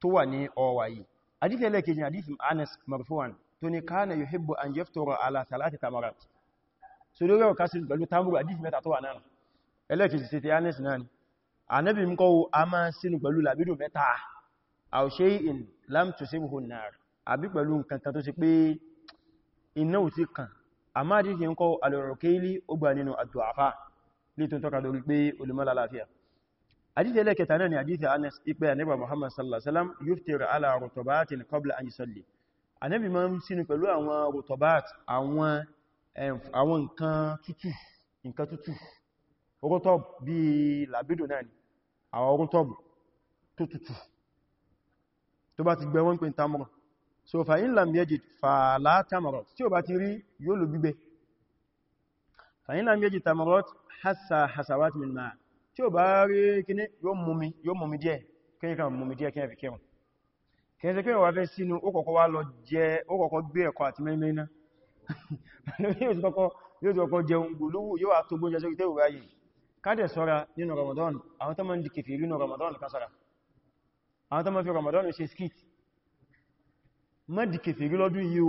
tó wà ní ọwà tó ní kana yuhibbu an yaftura ala salati tamarat so lórí ọ̀ká sí pẹ̀lú tamburu àdífì mẹ́ta tó wà náà ẹlẹ́kìí sí ti anis náà ni ànábì ń kọ́ a máa sínú pẹ̀lú làbídò mẹ́ta aw shay'in lam tusibhu an-nar àbí pẹ̀lú nǹkan kan tó sì pé iná ò ti kàn àmá àdífì ń kọ́ al-Ukaili ó gbà nínú ad-du'afa lè tó tọ́ka lórí pé olùmọ́lá láfíà àdífì ẹlẹ́kẹta náà ni àdífì anis ipe ànábì Muhammad sallallahu alaihi wasallam yuftiru ala rutubatin qabla anẹ́bì máa ń sínú pẹ̀lú àwọn rotobat eh, àwọn nǹkan tútù nǹkan tútù rotob bí labido náà ni àwọn rotob tó tútù tó bá ti gbẹ wọ́n pè tamọ́rọ̀ so fa'in lam yajid fa'ala tamarot tí ó bá ti rí yóò lò gbígbẹ fa'in lam yajid tamarot hasa hasawat min ma tí ó bá rí kíní yóò mumi díẹ̀ kíníkà mumi díẹ̀ kíníkà fi kírùn kìí ṣe pé wà fẹ́ sínú ó kọ́kọ́ wá lọ jẹ ó kọ́kọ́ gbé ẹ̀kọ àti mẹ́mẹ́ná yóò ti kọ́kọ́ jẹun gbòlówó yóò wà tó gbóúnjẹ sórí tẹ́wò ráyè kádẹ̀ sọ́ra nínú Ramadan àwọn tó máa ń di kèfèrí nínú Ramadan kásọ̀rà àwọn tó fi Ramadan ṣe skit má di kèfèrí lọ́dún yìí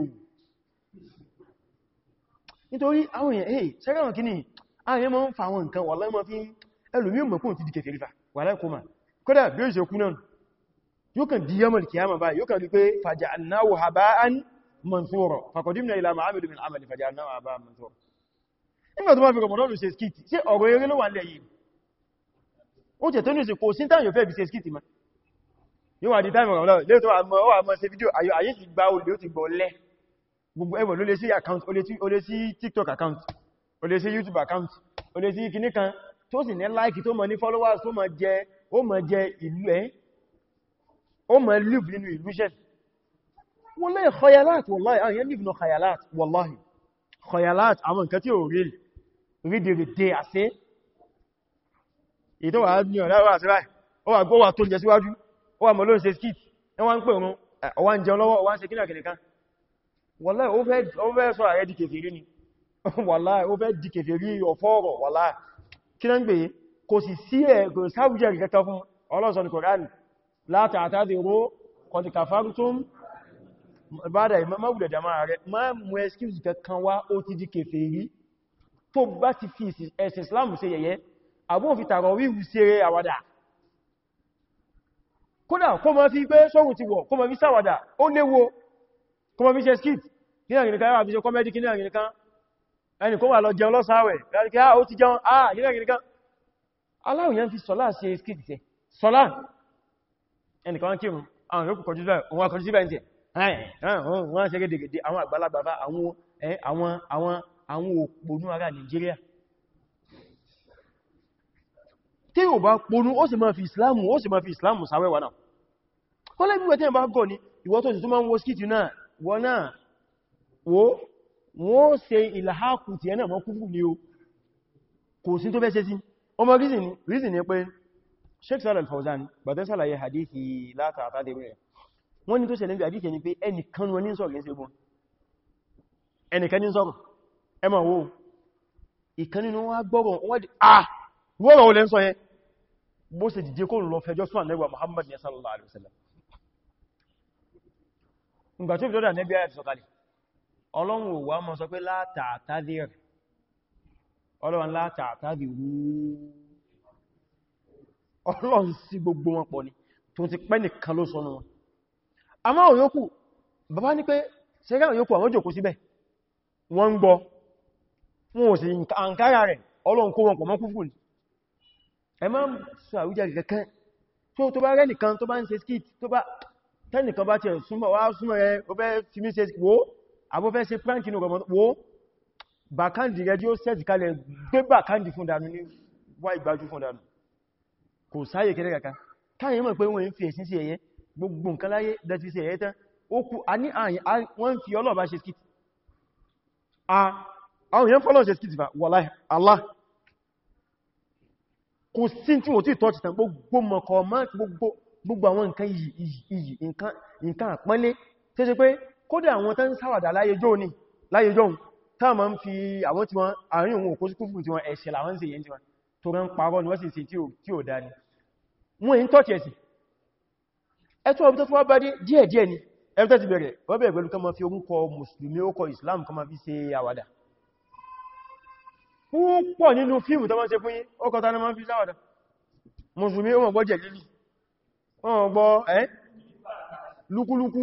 o hey sẹ́rẹ̀ wọn kìíní àwọn èèyàn máa ń fa àwọn nǹkan wà láì mọ́ fi ẹlòmí ò mọ̀ pọ̀ ti yóò kàn di yamal kiyama báyìí yóò kàn rí pé faja'alnahu haba'an mansura faqadimna ila ma'amilu min amali faja'alnahu haba'an mansura nígbà tó bá fi rọmọdọ́nù ṣe skiti tí ọ̀rọ̀ eré ló wà nílẹ̀ yìí sí táyọ̀ fẹ́ bí wà lẹ́ gbogbo ẹwọ̀n ló jẹ ìlú ẹ̀ ó mọ̀ lùb nínú illusion wallahi khayalat wallahi àwọn yẹn lùb nínú khayalat wallahi khayalat àwọn nǹkan tí ó rí rídìrídé àṣẹ ìtọ́ wà ní ọ̀dá wà sí ráì ó wà gbọ́wà tó jẹ síwájú ó wà mọ̀lórí ṣe skit ẹwà ń pè wọn ọwà ń jẹun lọ́wọ́ ọwà ń ṣe kí nàkìnìkan wallahi ó fẹ́ sọ ààrẹ la ta'tadiru qad kafartum bada imama wuda jama'a rẹ̀ má mú excuse kankan wá ó ti di kèfèrí tó bá ti fi ẹ̀sìn Islam ṣe yẹ̀yẹ́ abu fi taro wi wi ṣeré àwàdà kódà kó má fi pé sorun ti wọ̀ kó má fi ṣàwàdà ó léwu kó má fi ṣe skit ni an kan àbí ṣe comedy kini ẹni kó wá lọ jẹun lọ sawe gari ke ah ó ti jẹun ah kini an kan Allah fi sola ṣe skit ṣe sola ẹnìkan kírun àwọn yóò kọjú síbẹ̀ òun akọjú síbẹ̀ ní wọ́n ṣe rédèrédè àwọn àgbàlagbà àwọn òpònú ará Nigeria tí yóò bá ponú ó sì máa fi islamu ó sì máa fi islamu sáwẹ́wà náà wọ́n lẹ́gbẹ̀ẹ́ wẹ́tẹ́ bá gọ́ ní ìwọ́ tó sì tó máa ń wọ́ skìtì náà wọ́n náà wọ́n ṣe ìlàhákù tí ẹ náà mọ́ kúrù ní o kò sí tó fẹ́ ṣe sí ọmọ reason ni pé Sheikh Salal Fawzan bàtẹ́ sàlàyé hadithi látàtà dé rẹ̀ wọ́n ni tó ṣẹlẹ̀ hadithi ni pé ẹnìkan wọn ní sọ̀rọ̀ ẹ̀sẹ̀ bọ́n ẹnìkan ní sọ̀rọ̀ ẹ ma wo ìkan nínú wá gbọ́rọ̀ wọ́dí ah wọ́rọ̀ olè ń sọ yẹn bó ṣe dìde kó lọ fẹjọ́ sún ànẹ́gbà Muhammad ní sallallahu alaihi wasallam ìgbà tó fi dọ́dà nẹ́bí ayà ti sọ̀kalẹ̀ ọlọ́run ò wá mọ́ sọ pé látàtà dé rẹ̀ ọlọ́run látàtà dé rú ọlọ́run sí gbogbo wọn pọ̀ ni tó ti pẹ́ nìkan ló sọ wọn àmọ́ àwọn yòókù bàbá ní pé ṣẹ́gá àwọn yòókù àwọn jòkó síbẹ̀ wọ́n ń gbọ́ wọn ò sì àǹkárá rẹ̀ ọlọ́run kó wọn pọ̀ mọ́ kúfù ẹ má sọ wo àbó fẹ́ ṣe prank wo bàkáǹdì rẹ̀ tí ó sẹ́ẹ̀tì kalẹ̀ gbé bàkáǹdì fún dànù ní wá ìgbájú fún dànù kò sáyè kéré kàkà káyẹ̀ mọ̀ pé wọ́n ń fi ẹ̀sìn sí ẹ̀yẹ gbogbo nǹkan láyé dẹ̀tí sí ẹ̀yẹ tán ó kú a ní àyìn wọ́n ń fi ọlọ́ọ̀bá ṣe skit àwọn èèyàn fọ́lọ́ Allah kò sí tí wọ́n tí tọ́ọ̀tì tán gbogbo mọ̀kọ̀ gbogbo àwọn nǹkan iyì nǹkan àpọ́nlé tó ṣe pé kódà àwọn tán sáwàdà láyé jọ́ ni láyé jọ́ tá ma ń fi àwọn tí wọ́n àárín òun òkú sí kúfù tí wọ́n ẹ̀ṣẹ̀ làwọn ń ṣe yẹn tí wọ́n tó rán parọ́ ni wọ́n sì sí tí ò dáa ni wọ́n èyí tọ́tí ẹ̀sì ẹ̀tọ́ ọbí tó fún ọba dé díẹ̀díẹ̀ ni ẹ̀rẹ́tẹ́ ti bẹ̀rẹ̀ wọ́n bẹ̀rẹ̀ pẹ̀lú kọmọ fi orúkọ mùsùlùmí ó kọ Islam kọmọ fi ṣe àwàdà púpọ̀ nínú fíìmù tó máa ṣe fún yín ó kọta ní máa fi sáwàdà mùsùlùmí ó mọ̀ gbọ́ jẹ̀ lílì ó mọ̀ gbọ́ ẹ́ lúkúlúkú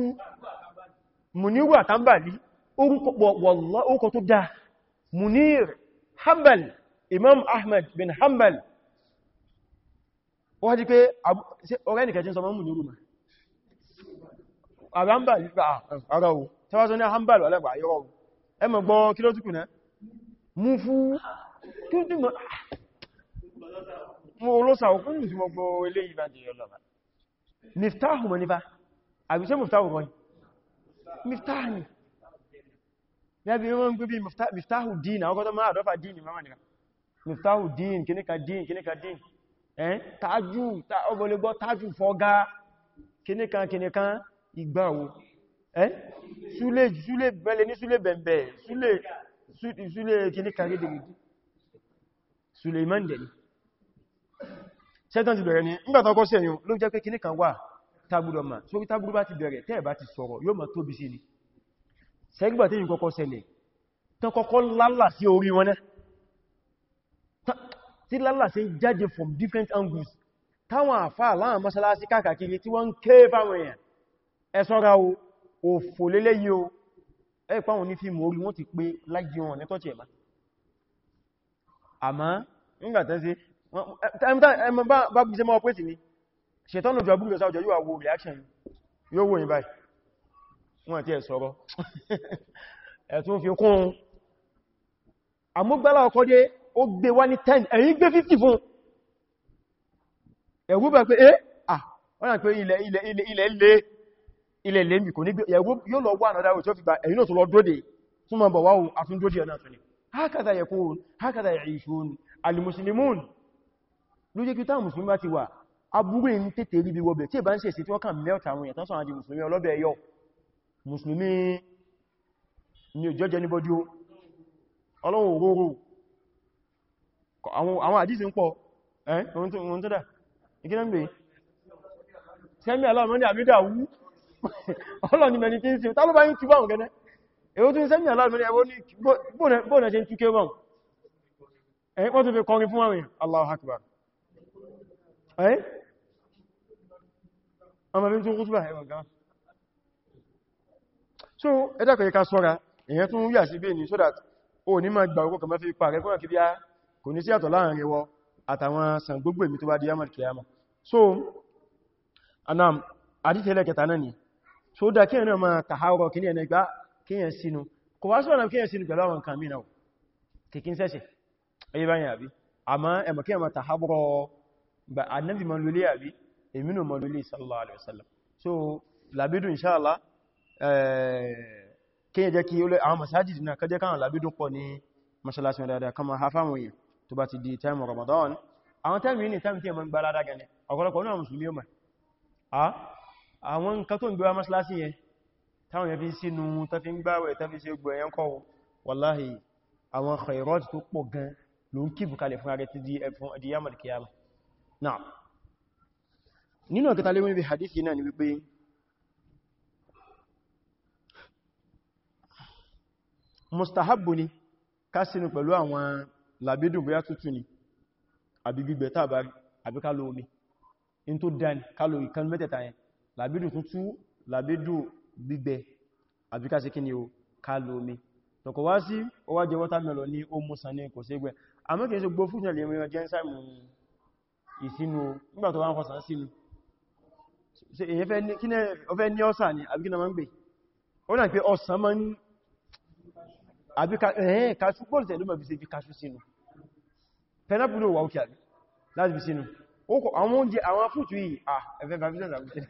muniru àtàmbàlì orúkọ tó dáa munir hanbal imam ahmed bin hanbal ó wá di pé ọ̀rẹ́ nìkẹ́ tí ń sọ mọ́mù ní rúmà àbámbà nípa ah, ara o tẹ́wàtọ́ ní àhámbàlù alẹ́gbà ayọ́rọ̀ o ẹ mọ̀ gbọ́ kí ló túnkù miftahu mọ̀ nípa miftahu mọ̀ miftahu ni yàbí wọ́n ń gbé bí miftahu dín àwọn kọ́tọ́ máa àdọ́fà dín ní mọ́mà nìkan miftahu dín kíníkà dín kíníkà dín tààjù ọgbọ̀lẹ́gbọ́ tààjù fọ́gá kìníkan kìníkan ìgbàwó súlé súlé bẹ̀lẹ̀ ní súlé bẹ̀m̀bẹ̀ súlé kìníkan gẹ́gẹ́gẹ́ súlé mẹ́ndẹ̀lẹ̀ sẹ́tàn ti bẹ̀rẹ̀ ní ìgbàtọ̀kọ́ sí ẹ̀yìn ló jẹ́ pé kìníkan wà tágbùdọ̀ mà sórí tágbùdọ̀ bá ti bẹ̀rẹ̀ tẹ́ẹ̀ bá ti sọ̀rọ̀ yóò mọ̀ tóbi sí ni sẹ́gbà tí yìí kọ́kọ́ ṣẹlẹ̀ tán kọ́kọ́ lálà sí orí wọn náà tí lálà sí jáde from different angles táwọn àfá láàrín mọ́sálásí káàkiri tí wọ́n ń ké fáwọn èèyàn ẹ ṣọ́ra o òfò lélé yìí o ẹ pàwọn ní fíìmù orí wọ́n ti pé láyé wọn ní tọ́tí ẹ̀má àmá ńgbàtẹ́ sí bá bí ṣe mọ́ ọpẹ́tì ni ṣètọ́nù jọ búrú lọ́sáwọ́ jọ yóò wo reaction yóò wòyìn báyìí wọ́n ti ẹ̀ sọ̀rọ̀ ẹ̀ tún fi kún un àmúgbálá ọkọ́ dé ó gbé wá ní 10 ẹ̀yin gbé 50 fún ẹ̀wú bá pé eh ah wọ́n náà pé ilẹ̀ ilẹ̀ ilẹ̀ ilẹ̀ ilẹ̀ ilẹ̀ ilẹ̀ mi kò ní gbé ẹ̀wú yóò lọ wá ànàdá òjò fi gba ẹ̀yin náà tó lọ dóde tún mọ̀ bọ̀ wá o àfin dóde ọ̀nà tó ní hákàdà yakun hákàdà ya'ishun al-muslimun ló jẹ́ kí táwọn musulmi bá ti wà abúrú ń tètè rí bí wọbẹ̀ tí ìbá ń ṣèṣì tí wọ́n kàn mẹ́ọ̀tà àwọn èèyàn tán sọ àjẹ́ musulmi ọlọ́bẹ̀ ni ò jọ́jẹ́ níbọ́dí ó ọlọ́run òróró àwọn àdísì ń pọ̀ ẹ́ ohun tó dà ìkínà ń bèé sẹ́mí aláàmọ́ ní àmìdà wú ọlọ́ni mẹni tí ń se tálọ́bá yìí túbọ̀ àwọn gẹ́nẹ́ èyí tún sẹ́mí aláàmọ́ ní ẹwọ́ ní bóònà ṣe ń túnkẹ́ wọn ẹ̀ wọ́n tún fi kọrin fún àwọn Allahu Akbar ẹ́ ọmọ bí tún kútùbà ẹwọ̀n gan so ẹ̀dàkọ̀ yẹ ká sọ́ra èyàn tún yà sí bí ní so that o ní máa gbà ọkọ̀ kọ̀ mẹ́fí pa rẹ̀ fún àkíbíyà kò ní sí àtọ̀ láàrin wọ àtàwọn sàn gbogbo èmi tó bá di yamal kiyama so anam àdítẹ́lẹ̀ kẹta náà ni so dá kí ẹ̀nà máa tàhárọ̀ kí ní ẹ̀nà ìgbà kí ẹ̀ sínú kò wá sọ́nà kí ẹ̀ sínú pẹ̀lú àwọn nǹkan mìíràn kìkín sẹ́sẹ̀ ayé báyìí àbí àmá ẹ̀mọ̀ kí ẹ̀ máa gbà annabi ma lulé àbí èmínú ma lulé sallallahu alaihi wasallam so labidu inshallah eh, kí ẹ jẹ́ kí àwọn masajid náà kọjẹ́ káwọn labidun pọ̀ ní masalasi dáadáa kama hafa mọ̀ yìí tó bá ti di tẹ́mù Ramadan àwọn tẹ́mù yìí ni tẹ́mù tí ẹmọ ń gbára dága ní ọ̀pọ̀lọpọ̀ náà musulmi ọmọ àwọn nǹkan tó ń gbé wá mọ́sálásí yẹn táwọn yẹn fi sínú tó fi ń gbáwẹ̀ tó fi ṣe gbọ́ ẹ̀yẹn kọ́ wàláhì àwọn khairat tó pọ̀ gan ló ń kí bùkalẹ̀ fún ààrẹ ti di ẹ̀fún eh, adiyamal kiyama náà nínú ọ̀kẹta lé wọ́n bí hadithi náà ni wípé mustahabbu ni ká sínú pẹ̀lú àwọn làbídùn bóyá tútù ni àbí gbígbẹ tàbárí àbí kálò omi in tó dán kálò ìkan mẹ́tẹ̀ta yẹn làbídùn tútù làbídùn gbígbẹ àbí ká sí kí ni o kálò omi tọ̀kọ̀ wá sí ó wá jẹ watermelon ní ó mú sàn ní kò sí gbẹ́ àmọ́ kìí ṣe na máa ń gbé ó náà pé ọ̀sán máa ń àbí kaṣù bọ́ọ̀lù tẹ̀lú mọ̀ bí fi kaṣù sínú pineapple wà òkè àbí láti fi sínú ókò àwọn oúnjẹ àwọn fútù yìí à ẹ̀fẹ́ bàbísàn àbúté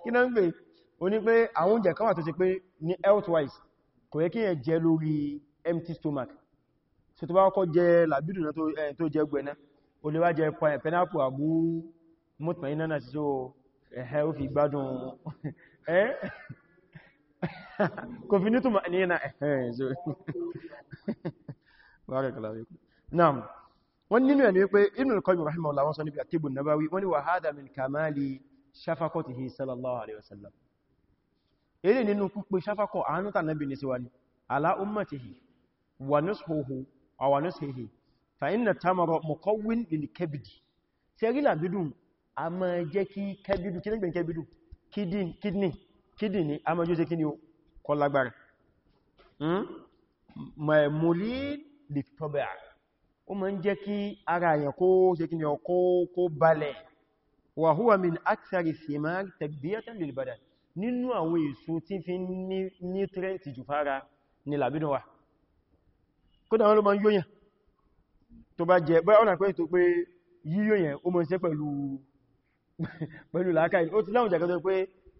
kí náà ń pè o ní pé àwọn oúnjẹ kan tó ṣe pé ní health kò yẹ kí ẹ jẹ lórí empty stomach so tó bá kọ́ jẹ làbídù náà tó jẹ gbẹ̀ná o lè wá jẹ pineapple àbú mọ́tàmínà náà sí so kò fi ní túnmà ní ẹ̀nà ẹ̀hẹ́n so naam wọ́n nínú ẹ̀ ní pé Ibn al-Qayyim rahimahullah wọ́n sọ níbi at-Tibbun Nabawi wọ́n ni wa hadha min kamali shafaqatihi sallallahu alaihi wasallam èdè nínú púpọ̀ shafaqo àánú tà nábi ní síwáni ala ummatihi wa nushuhu aw nushihi fa inna tamara muqawwin lil kabdi kidney kídìní a mọ́jú sí kíni o kọ lágbára mọ̀lí lè tọ́bẹ̀ ó ma ń jẹ́ kí ara àyàn kó sí kíni o kó balẹ̀ wà húwà min akthari thimar tagbiyatan lil badan nínú àwọn èso tí fi ní nutrients jù fara ni làbínú wa kódà wọn ló ma ń yóyàn tó bá jẹ bọ́ ọ̀nà pé tó pé yíyóyàn ó mọ́ sí pẹ̀lú làákàí ó ti láwọn jàkẹ́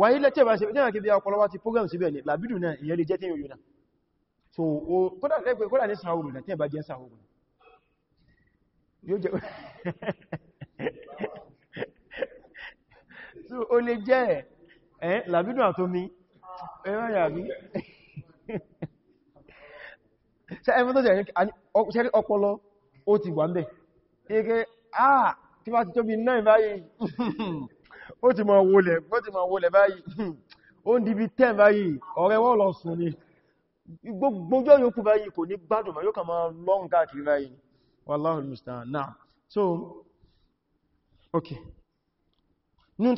wà ilẹ̀ tí ẹ̀bá sí ìjẹ́ àkíbí ọpọlọwà ti program síbẹ̀ ní làbídù náà ìyẹn lè jẹ́ tí yóò náà so kódà lẹ́gbẹ̀ẹ́ kódà ní sàárùn náà tí ẹ̀bá jẹ́ sàárùn yóò jẹ́ so o lè jẹ́ ẹ̀ làbídù àtomi ẹ̀rọ yàrí ọpọlọ ó ti wà ń bẹ̀ ó ti mọ̀ wọlẹ̀ báyìí ó ń dibi tẹ́ báyìí ọ̀rẹ́ wọ́n lọ sùn ni gbogbojọ́ yóò kú báyìí kò ní gbádùn yóò kàn máa lọ́n káàkiri báyìí wallahu musta'an náà so ok náà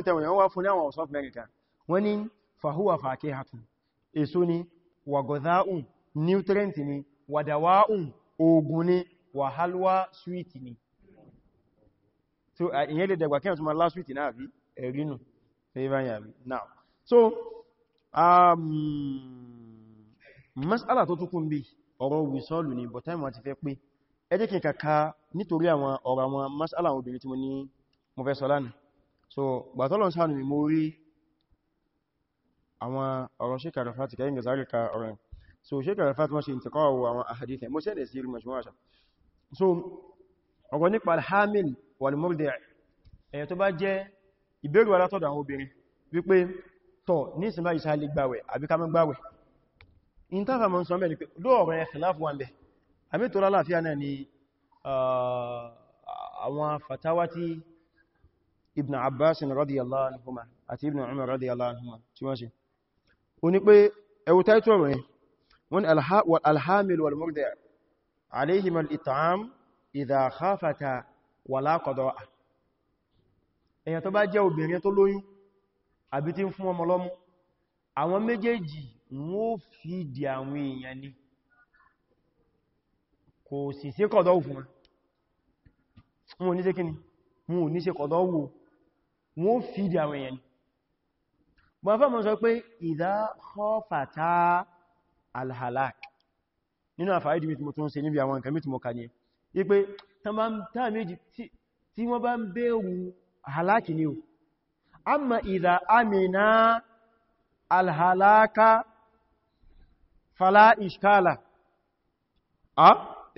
eh, wọ́n ní fàhúwà fàákẹ́ hàtùn èso ni wàgọ̀dáùn nutrient ni wàdàwáùn oògùn ni wàhálwá sweet ni so ìyẹn lè dẹ̀gbà kí ọ̀túnmà last week náà bí ẹ̀rínù fẹ́báyàmí now so um, masala tó túnkún bí ọ̀rọ̀ wìsọ́lù ní but time wọ́n ti fẹ́ pé ẹjẹ́ kí n kàkà nítorí àwọn ọ̀rọ̀ masala obìnrin tí mo ní mo fẹ́ sọ lánàá so gbàtọ́lọ̀ sáà àwọn ọ̀rọ̀ Sheikh Arafat kẹ́yìn da zari ka ọ̀rọ̀ so Sheikh Arafat wọ́n ṣe ìntẹ̀kọ́wọ̀ àwọn ahadith mo sẹ́dẹ̀ sí irin mashiwa ṣe so ọ̀rọ̀ nípa alhamil wal murdi' ẹ̀yẹ tó bá jẹ́ ìbẹ̀rù alátọ́dọ̀ àwọn obìnrin wípé tọ̀ ní ìsinmá ìṣà lè gbàwẹ̀ àbí ni àwọn fatawa tí Ibn Abbas radiyallahu ma àti Ibn Umar radiyallahu ma tí wọ́n ṣe oní pé ẹwù táìtù ọ̀rọ̀ yẹn wọ́n alhamil wal murdi' alayhim al-it'am idha khafata wala qada'a èyàn tó bá jẹ́ obìnrin tó lóyún àbí tí ń fún ọmọ lọ́mú àwọn méjèèjì wọ́n fi di àwọn èèyàn ni kò sì sí kọ̀dọ̀ òfin wọn ní ṣe kíni wọn ò ní ṣe kọ̀dọ̀ wọ́n fi di àwọn èèyàn ni mọ́ fẹ́ mọ́ sọ pé ìdá kọfàtà alhalak nínú àfàídì mi tí mo tún ṣe níbi àwọn nǹkan mi tí mo kà ní ipé tí wọ́n bá ń bẹ̀rù halaki ni o amma ìdá amina alhalaka fala iskala a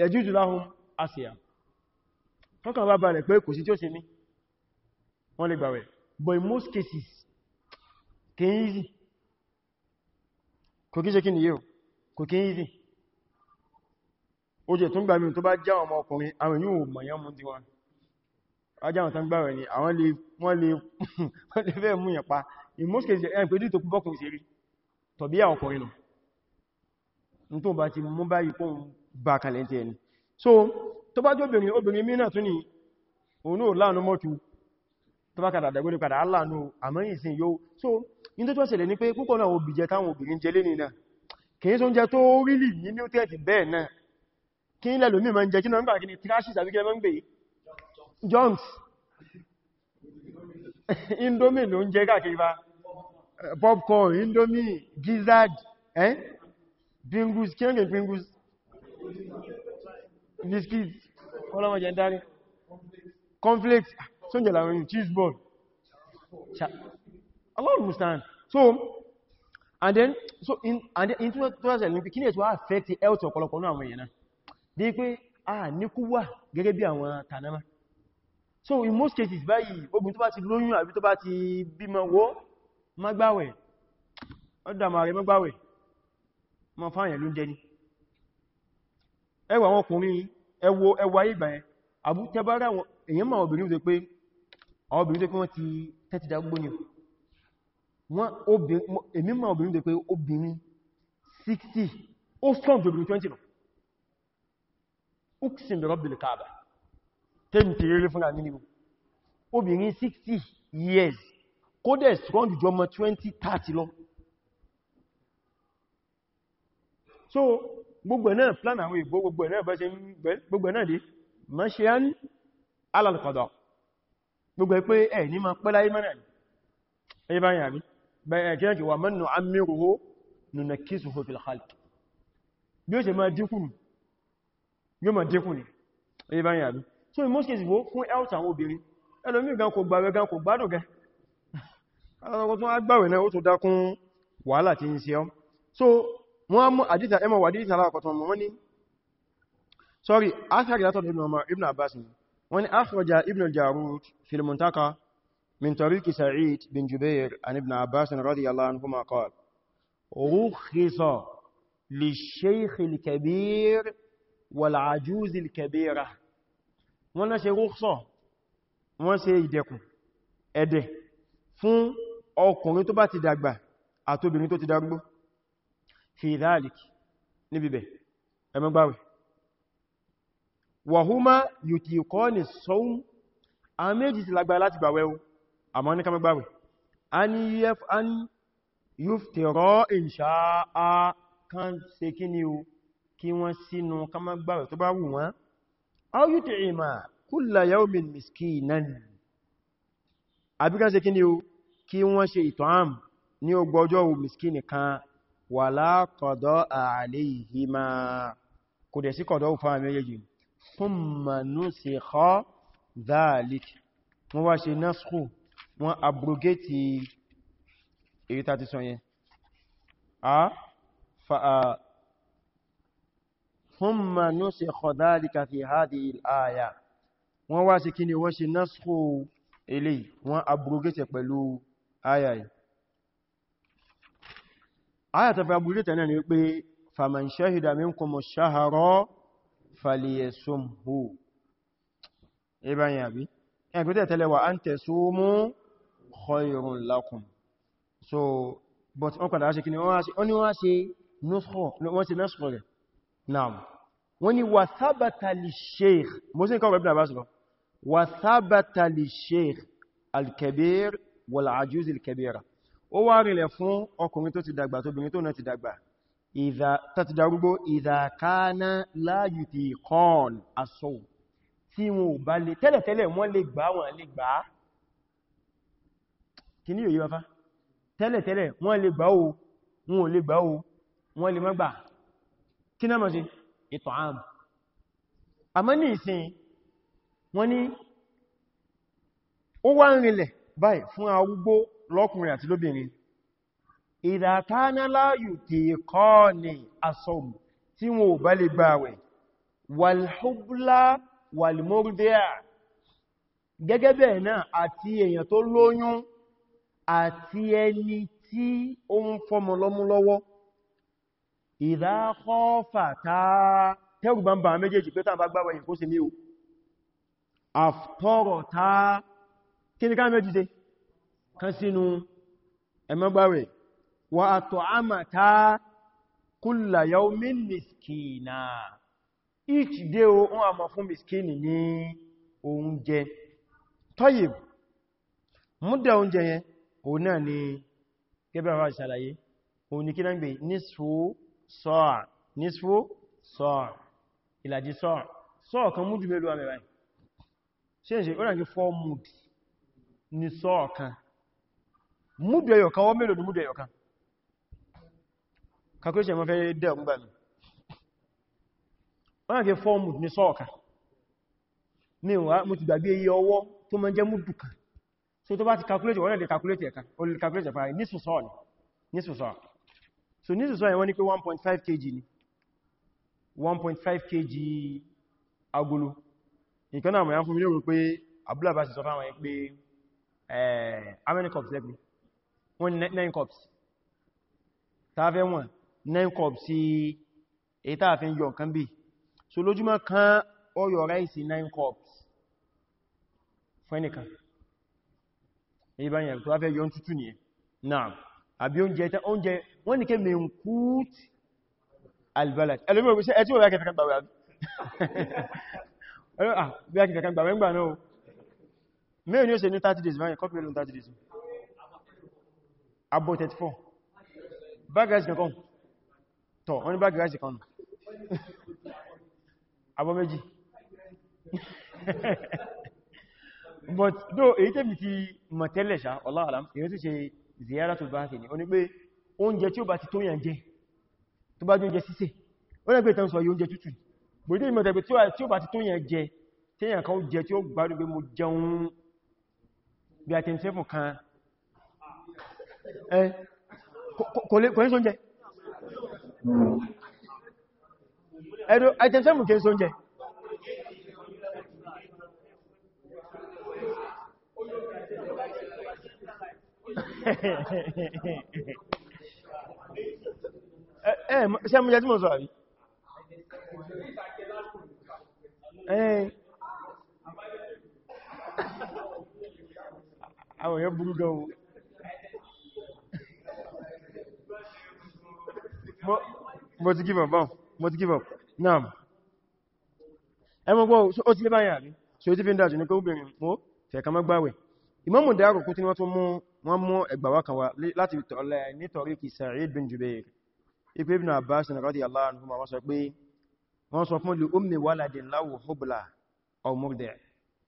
yajuzu lahum asiya tọ́kàn bá balẹ̀ pé kò sí tí ó ṣe mí wọ́n lè gbàwẹ̀ but in most cases kéèzì kò kí ṣe kí ni yíò kò kéèzì ó jẹ tún gbàmí tó bá já ọmọ ọkùnrin àwọn yíò mọ̀yán mú tí wọn ajáwọn tán gbàwẹ̀ ni àwọn lè wọ́n lè fẹ́ mú yẹn pa in most cases ẹn pẹ̀lú ìtòkú bọ́kùn sí rí tọ̀bí àwọn ọkùnrin so tó bá jẹ́ obìnrin obìnrin mìíràn tún ni òun náà tó bá kàdà dàgbé ní padà Allah nù àmọ́yìn sí yóò so in tó tó ṣẹlẹ̀ ní pé púpọ̀ náà obìjẹ táwọn obìnrin jẹ lé nìna kìí tó ń jẹ tó rílì ní nutrient bẹ́ẹ̀ náà kí ilẹ̀ lómi ma ń jẹ kí náà ń gbà kí ni trashes àbí kí mọ́ gbé jumps indomie ló ń jẹ káàkiri bá popcorn indomie gizzard eh conflict sóúnjẹ làwọn yìí cheese ball Allah understand so and then so in and then in 2000 olympic kí ní ètò affect health ọ̀pọ̀lọpọ̀ náà àwọn èèyàn náà pé a ní kú wà gẹ́gẹ́ bí àwọn tànámà so in most cases báyìí obìnrin tó bá ti lóyún àbí tó bá ti bímọ wó má gbààwẹ̀ ọdàmà rẹ̀ ma fáyẹ̀ ló ń jẹ ní ẹwà wọn kùnrin ẹwọ ẹwà ìgbà ẹ àbútẹ́bára èèyàn máa obìnrin tó pé àwọn obìnrin tó pé wọ́n ti tẹ́tì dágbó ní èmi mọ̀ obìnrin tó pé obìnrin 60 ó strong obìnrin 20 lọ uksin rabbil kaaba tẹ́mì tí rí fún àmì nínú obìnrin 60 years kó dẹ̀ strong jọ mọ́ 20 30 lọ so gbogbo náà plan àwọn ìgbó gbogbo náà bá ṣe gbogbo náà dé mashiyan ala al-qada gbogbo ẹ pé ẹ̀ ní ma pẹ́lá ìmọ̀nà ẹ̀yẹ báyìí àmì bẹ̀rẹ̀ kí ẹ̀kì wà mọ́nà amíruhó nùnà kí sùfò fìlàkàlì bí ó ṣe máa dínkù yóò máa dínkù ní ẹ̀yẹ báyìí àmì so in most cases wo fún health àwọn obìnrin ẹlòmí gan kò gbàwẹ̀ gan kò gbádùn gan aláwọ̀ tó agbàwẹ̀ náà ó tó dákún wàhálà tí ń ṣe ọ́ so wọ́n mú àdíta ẹmọ wà díta aláwọ̀ kọ̀tọ̀ mọ́ ní sorry asagìlátọ̀ wọ́n ni akhraja ibn al-jarud fil muntaka min tariki sa'id bin jubair an ibn abbas radiyallahu anhuma qala rukhisa li shaykh al-kabir wal ajuz al-kabira wọ́n na ṣe rukhsa wọ́n ṣe ìdẹ̀kùn ẹ̀dẹ̀ fún ọkùnrin tó bá ti dàgbà àtobìnrin tó ti darúgbó fi dhalik níbibẹ̀ ẹmọ́gbàwẹ̀ wàhúmá yùtìkọ́ ní sọ́un a méjì sí lágbàá láti gbàwẹ̀ o àmọ́ ní kamagbàwẹ̀ a ní ef a ní yùftẹ̀rọ ìṣàá kan se kí ni o kí wọ́n sínú kamagbàwẹ̀ tó bá wù wọ́n a yùtì ìmà kúlà yaumin miskinan àbí kan ni o kí wọ́n ṣe ìtọ́am ní ọgbọ́jọ́ miskini kan wà kò dẹ̀ sí kọ̀dọ̀ òfà méjèèjì thumma nusikha dhalik wọ́n wá ṣe naskhu wọ́n abrogate èyí tàti sọ yẹn a fa'a thumma nusikha dhalika fi hadhihi al-aya wọ́n wá ṣe kíni wọ́n ṣe naskhu ilé wọ́n abrogate pẹ̀lú aya yìí aya náà ni wípé faman shahida minkum ash falyasumhu ìbáyìn àbí ẹgbẹ́tẹ̀ tẹ́lẹ̀wà an tasumu khayrun lakum so but wọ́n padà ṣe kí ni wọ́n wá ṣe nọ́sọ̀ rẹ̀ naam wọ́n ni wa thabata li sheikh mosin kọwàá ibn abbas lọ wa thabata li sheikh al-kabir wal-ajuz al-kabira ó wá rí lẹ̀ fún ọkùnrin tó ti dàgbà tóbìnrin tó náà ti dàgbà tàti darúgbó ìdàkáná láàyù ti kọ́ọ̀n asọ́ tí wọn ò bá lè tẹ́lẹ̀tẹ́lẹ̀ wọ́n lè gbà wọ́n lè gbà kí ní yóò wáfá tẹ́lẹ̀tẹ́lẹ̀ wọ́n lè gbà o wọ́n ò lè gbà o wọ́n lè má gbà kí náà mọ̀ sí ìtọ̀ àmù àmọ́ ní ìsìn wọ́n ní ó wá ń rinlẹ̀ báyìí fún arúgbó lọ́kùnrin àti lóbìnrin ìdàkánà láàyù tí kọ́ ní asọ́m tí wọ́n bá lè gbàwẹ̀ walhubla walmurdia gẹ́gẹ́ bẹ́ẹ̀ náà àti èèyàn tó lóyún àti ẹni tí ó ń fọmọ lọ́mú lọ́wọ́ ìdákọ́ fàtà tẹ́rù ta kí ni wa at'amata kulla min miskina each day o wọ́n a ma fún miskini ni oúnjẹ tayyib múdà oúnjẹ yẹn o náà ni gẹ́bẹ̀ àwọn ìṣàlàyé o ní kí náà gbé nisfu sa'a nisfu sa'a ìlàjì sa'a sa'a kan mújú mélòó àmì báyìí ṣe ń ṣe ó rànkí kan múdù ẹyọ̀kan wọ́n mélòó ní múdù ẹyọ̀kan calculation mọ́ fẹ́ dẹ̀ ọgbà mi wọ́n náà fi fọ́ọ̀mù ní sọ́ọ̀ká ní wà mú ti gbàgbé iye ọwọ́ tó mọ́ jẹ́ múdù kan so tó bá ti calculate wọ́n lè calculate ẹ̀ka o lè calculate wọ́n 1.5 kg ni 1.5 kg agolo nǹkan náà mọ̀ yá fún mi lérò pé abúlà bá sì eh, cups lẹ́gbẹ̀ẹ́ wọ́n 9 cups tàbí wọ́n 9 cup sí èyí tàà fi ń yọ nǹkan bí so lójúmọ́ kan ó yọ ráìsì 9 cups fẹ́nìkan èyí bá yẹn tó wá fẹ́ yọ tútù nìyẹn náà àbí oúnjẹ oúnjẹ wọ́n ní kí mi ń kút albalad ẹlòmí ògbésẹ́ ẹ tí wọ́n ah, bí akẹ́fẹ́ kan gbàwẹ̀ àbí akẹ́fẹ́ kan gbàwẹ̀ ń gbà náà mẹ́rin ni ó ṣe ní 30 days báyìí kọ́pì mẹ́rin 30 days abọ́ 34 bága ẹ̀sìn kan tọ̀ wọ́n ní bá gíráìsì kan abọ́ méjì but though èyí tẹ́bì ti mọ̀tẹ́lẹ̀ ṣá Allahu alam èyí tó ṣe ziyara tó bá kìí o ní pé oúnjẹ tí ó bá ti tó yàn jẹ tó bá jóúnjẹ sísè ó lẹ́gbẹ̀ẹ́ tán sọ yí oúnjẹ tútù bòdí ìmọ̀tẹ̀gbẹ̀ tí ó bá ti tó yàn jẹ tí yàn kan jẹ tí ó gbádùn pé mo jẹun bí i àtẹ́ntẹ́fù kan kò ní sóúnjẹ ẹ̀dù àìtẹ̀tẹ̀mù kí n sóúnjẹ ẹ̀ ṣe mú jẹ́ tí mo sọ àrí àwọn èèyàn burú gan-an mo ti give up mo ti give up naam ẹmọ gbọ́ ó ti lé báyà rí so ó ti fi ń dájú ní pé obìnrin mo fẹ̀ẹ̀kan mọ́ gbáwẹ̀ Imamu Daro kú tí wọ́n tún mú wọn mú ẹgbàwà kan wá láti tọ́lẹ̀ nítorí kì Sa'id bin Jubair ipé Ibn Abbas radiyallahu anhuma wọ́n sọ pé wọ́n sọ fún lè ummi waladin lahu hubla aw murdi'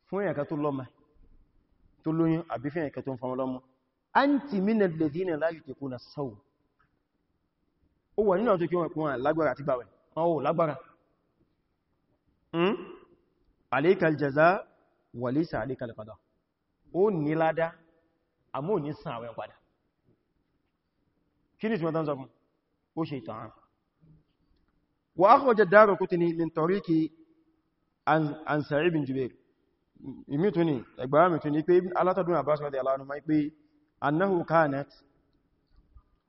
fún ẹ̀yàká tó lọ́mà tó lóyún àbí fún ẹ̀yàká tó ń fọmọlọ́mọ anti min alladhina la yutiquna as-sawm ó wà nínú àtòkí wọn kún lágbára àti gbàwẹ̀ wọn ò lágbára hmm? alaikal jaza walisa alaikal qada ó ní ládá àmọ́ ní san àwẹ̀ padà kí ní tí wọ́n tán sọkún ó ṣe ìtàn wa akhraja ad-Daraqutni min tariqi an Sa'id bin Jubair ìmítúni ẹgbàrámi tún ní pé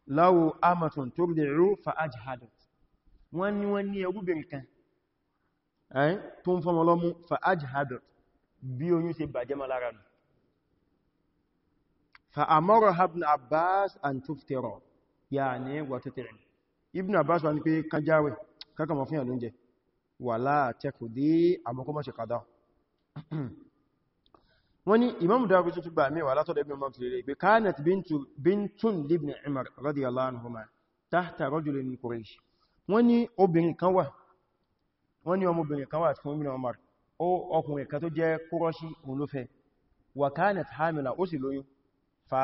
láwọ amatun tó rí rú fa ajhadat wọ́n ni wọ́n ní ẹgbùbìnrin kan tó ń fọmọ lọ́mú fa ajhadat bí oyún ṣe bàjẹ́ ma lára nù fa amara ibn abbas an tuftira ya ní wà tẹ́tẹ̀rẹ̀ ibn abbas wà ní pé kanjáwé kákàmọ̀ fún ìyàlóúnjẹ wà láà tẹ́kù dé àmọ́kọ́mọ́ṣe kàdá wọ́n ní imamu dáwọ́ tó túgbà mẹ́wàá látọ́dọ̀ ibn Mas'ud rẹ̀ pé kanat bintun libni Umar radiyallahu anhuma tahta rajulin min Quraysh wọ́n ní obìnrin kan wà wọ́n ní ọmọbìnrin kan wà tí fún ibn Umar ọkùnrin kan tó jẹ́ kúrọ́ṣí olófẹ́ wa kanat hamila ó sì lóyún fa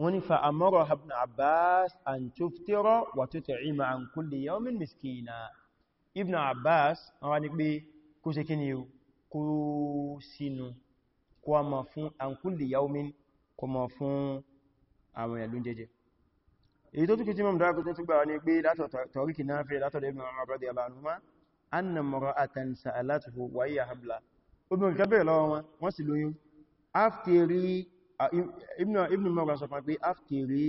wọ́n ní fa'amọ́rọ̀ ibn abbas an tuftira wa tut'ima an kulli yawmin miskina ibn abbas wọ́n ní pé kó ṣe kíni kó sínú kó ma fún an kulli yawmin kó ma fún àwọn ẹ̀lún jẹjẹ èyí tó ní pé látọ̀ tọ̀ríkì náà fẹ́ látọ̀ ibn umar radiyallahu anhuma anna mar'atan sa'alatuhu wa hiya habla obìnrin kan bèèrè lọ́wọ́ wọn wọ́n Ah, ibn Umar sọ fún pé aftiri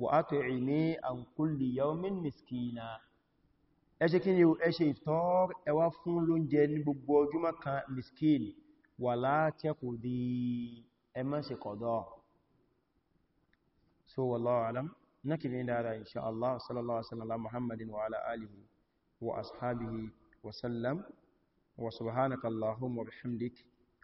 wa at'imi an kulli yawmin miskina ẹ ṣe kí ni ẹ ṣe ìftar ẹ wá fún lóúnjẹ ní gbogbo ọjúmọ́ kan miskin wala taqdi ẹ má ṣe qada so wallahu alam nakiri dára insha Allah sallallahu alaihi wasallam wa sallam wa subhanakallahumma wa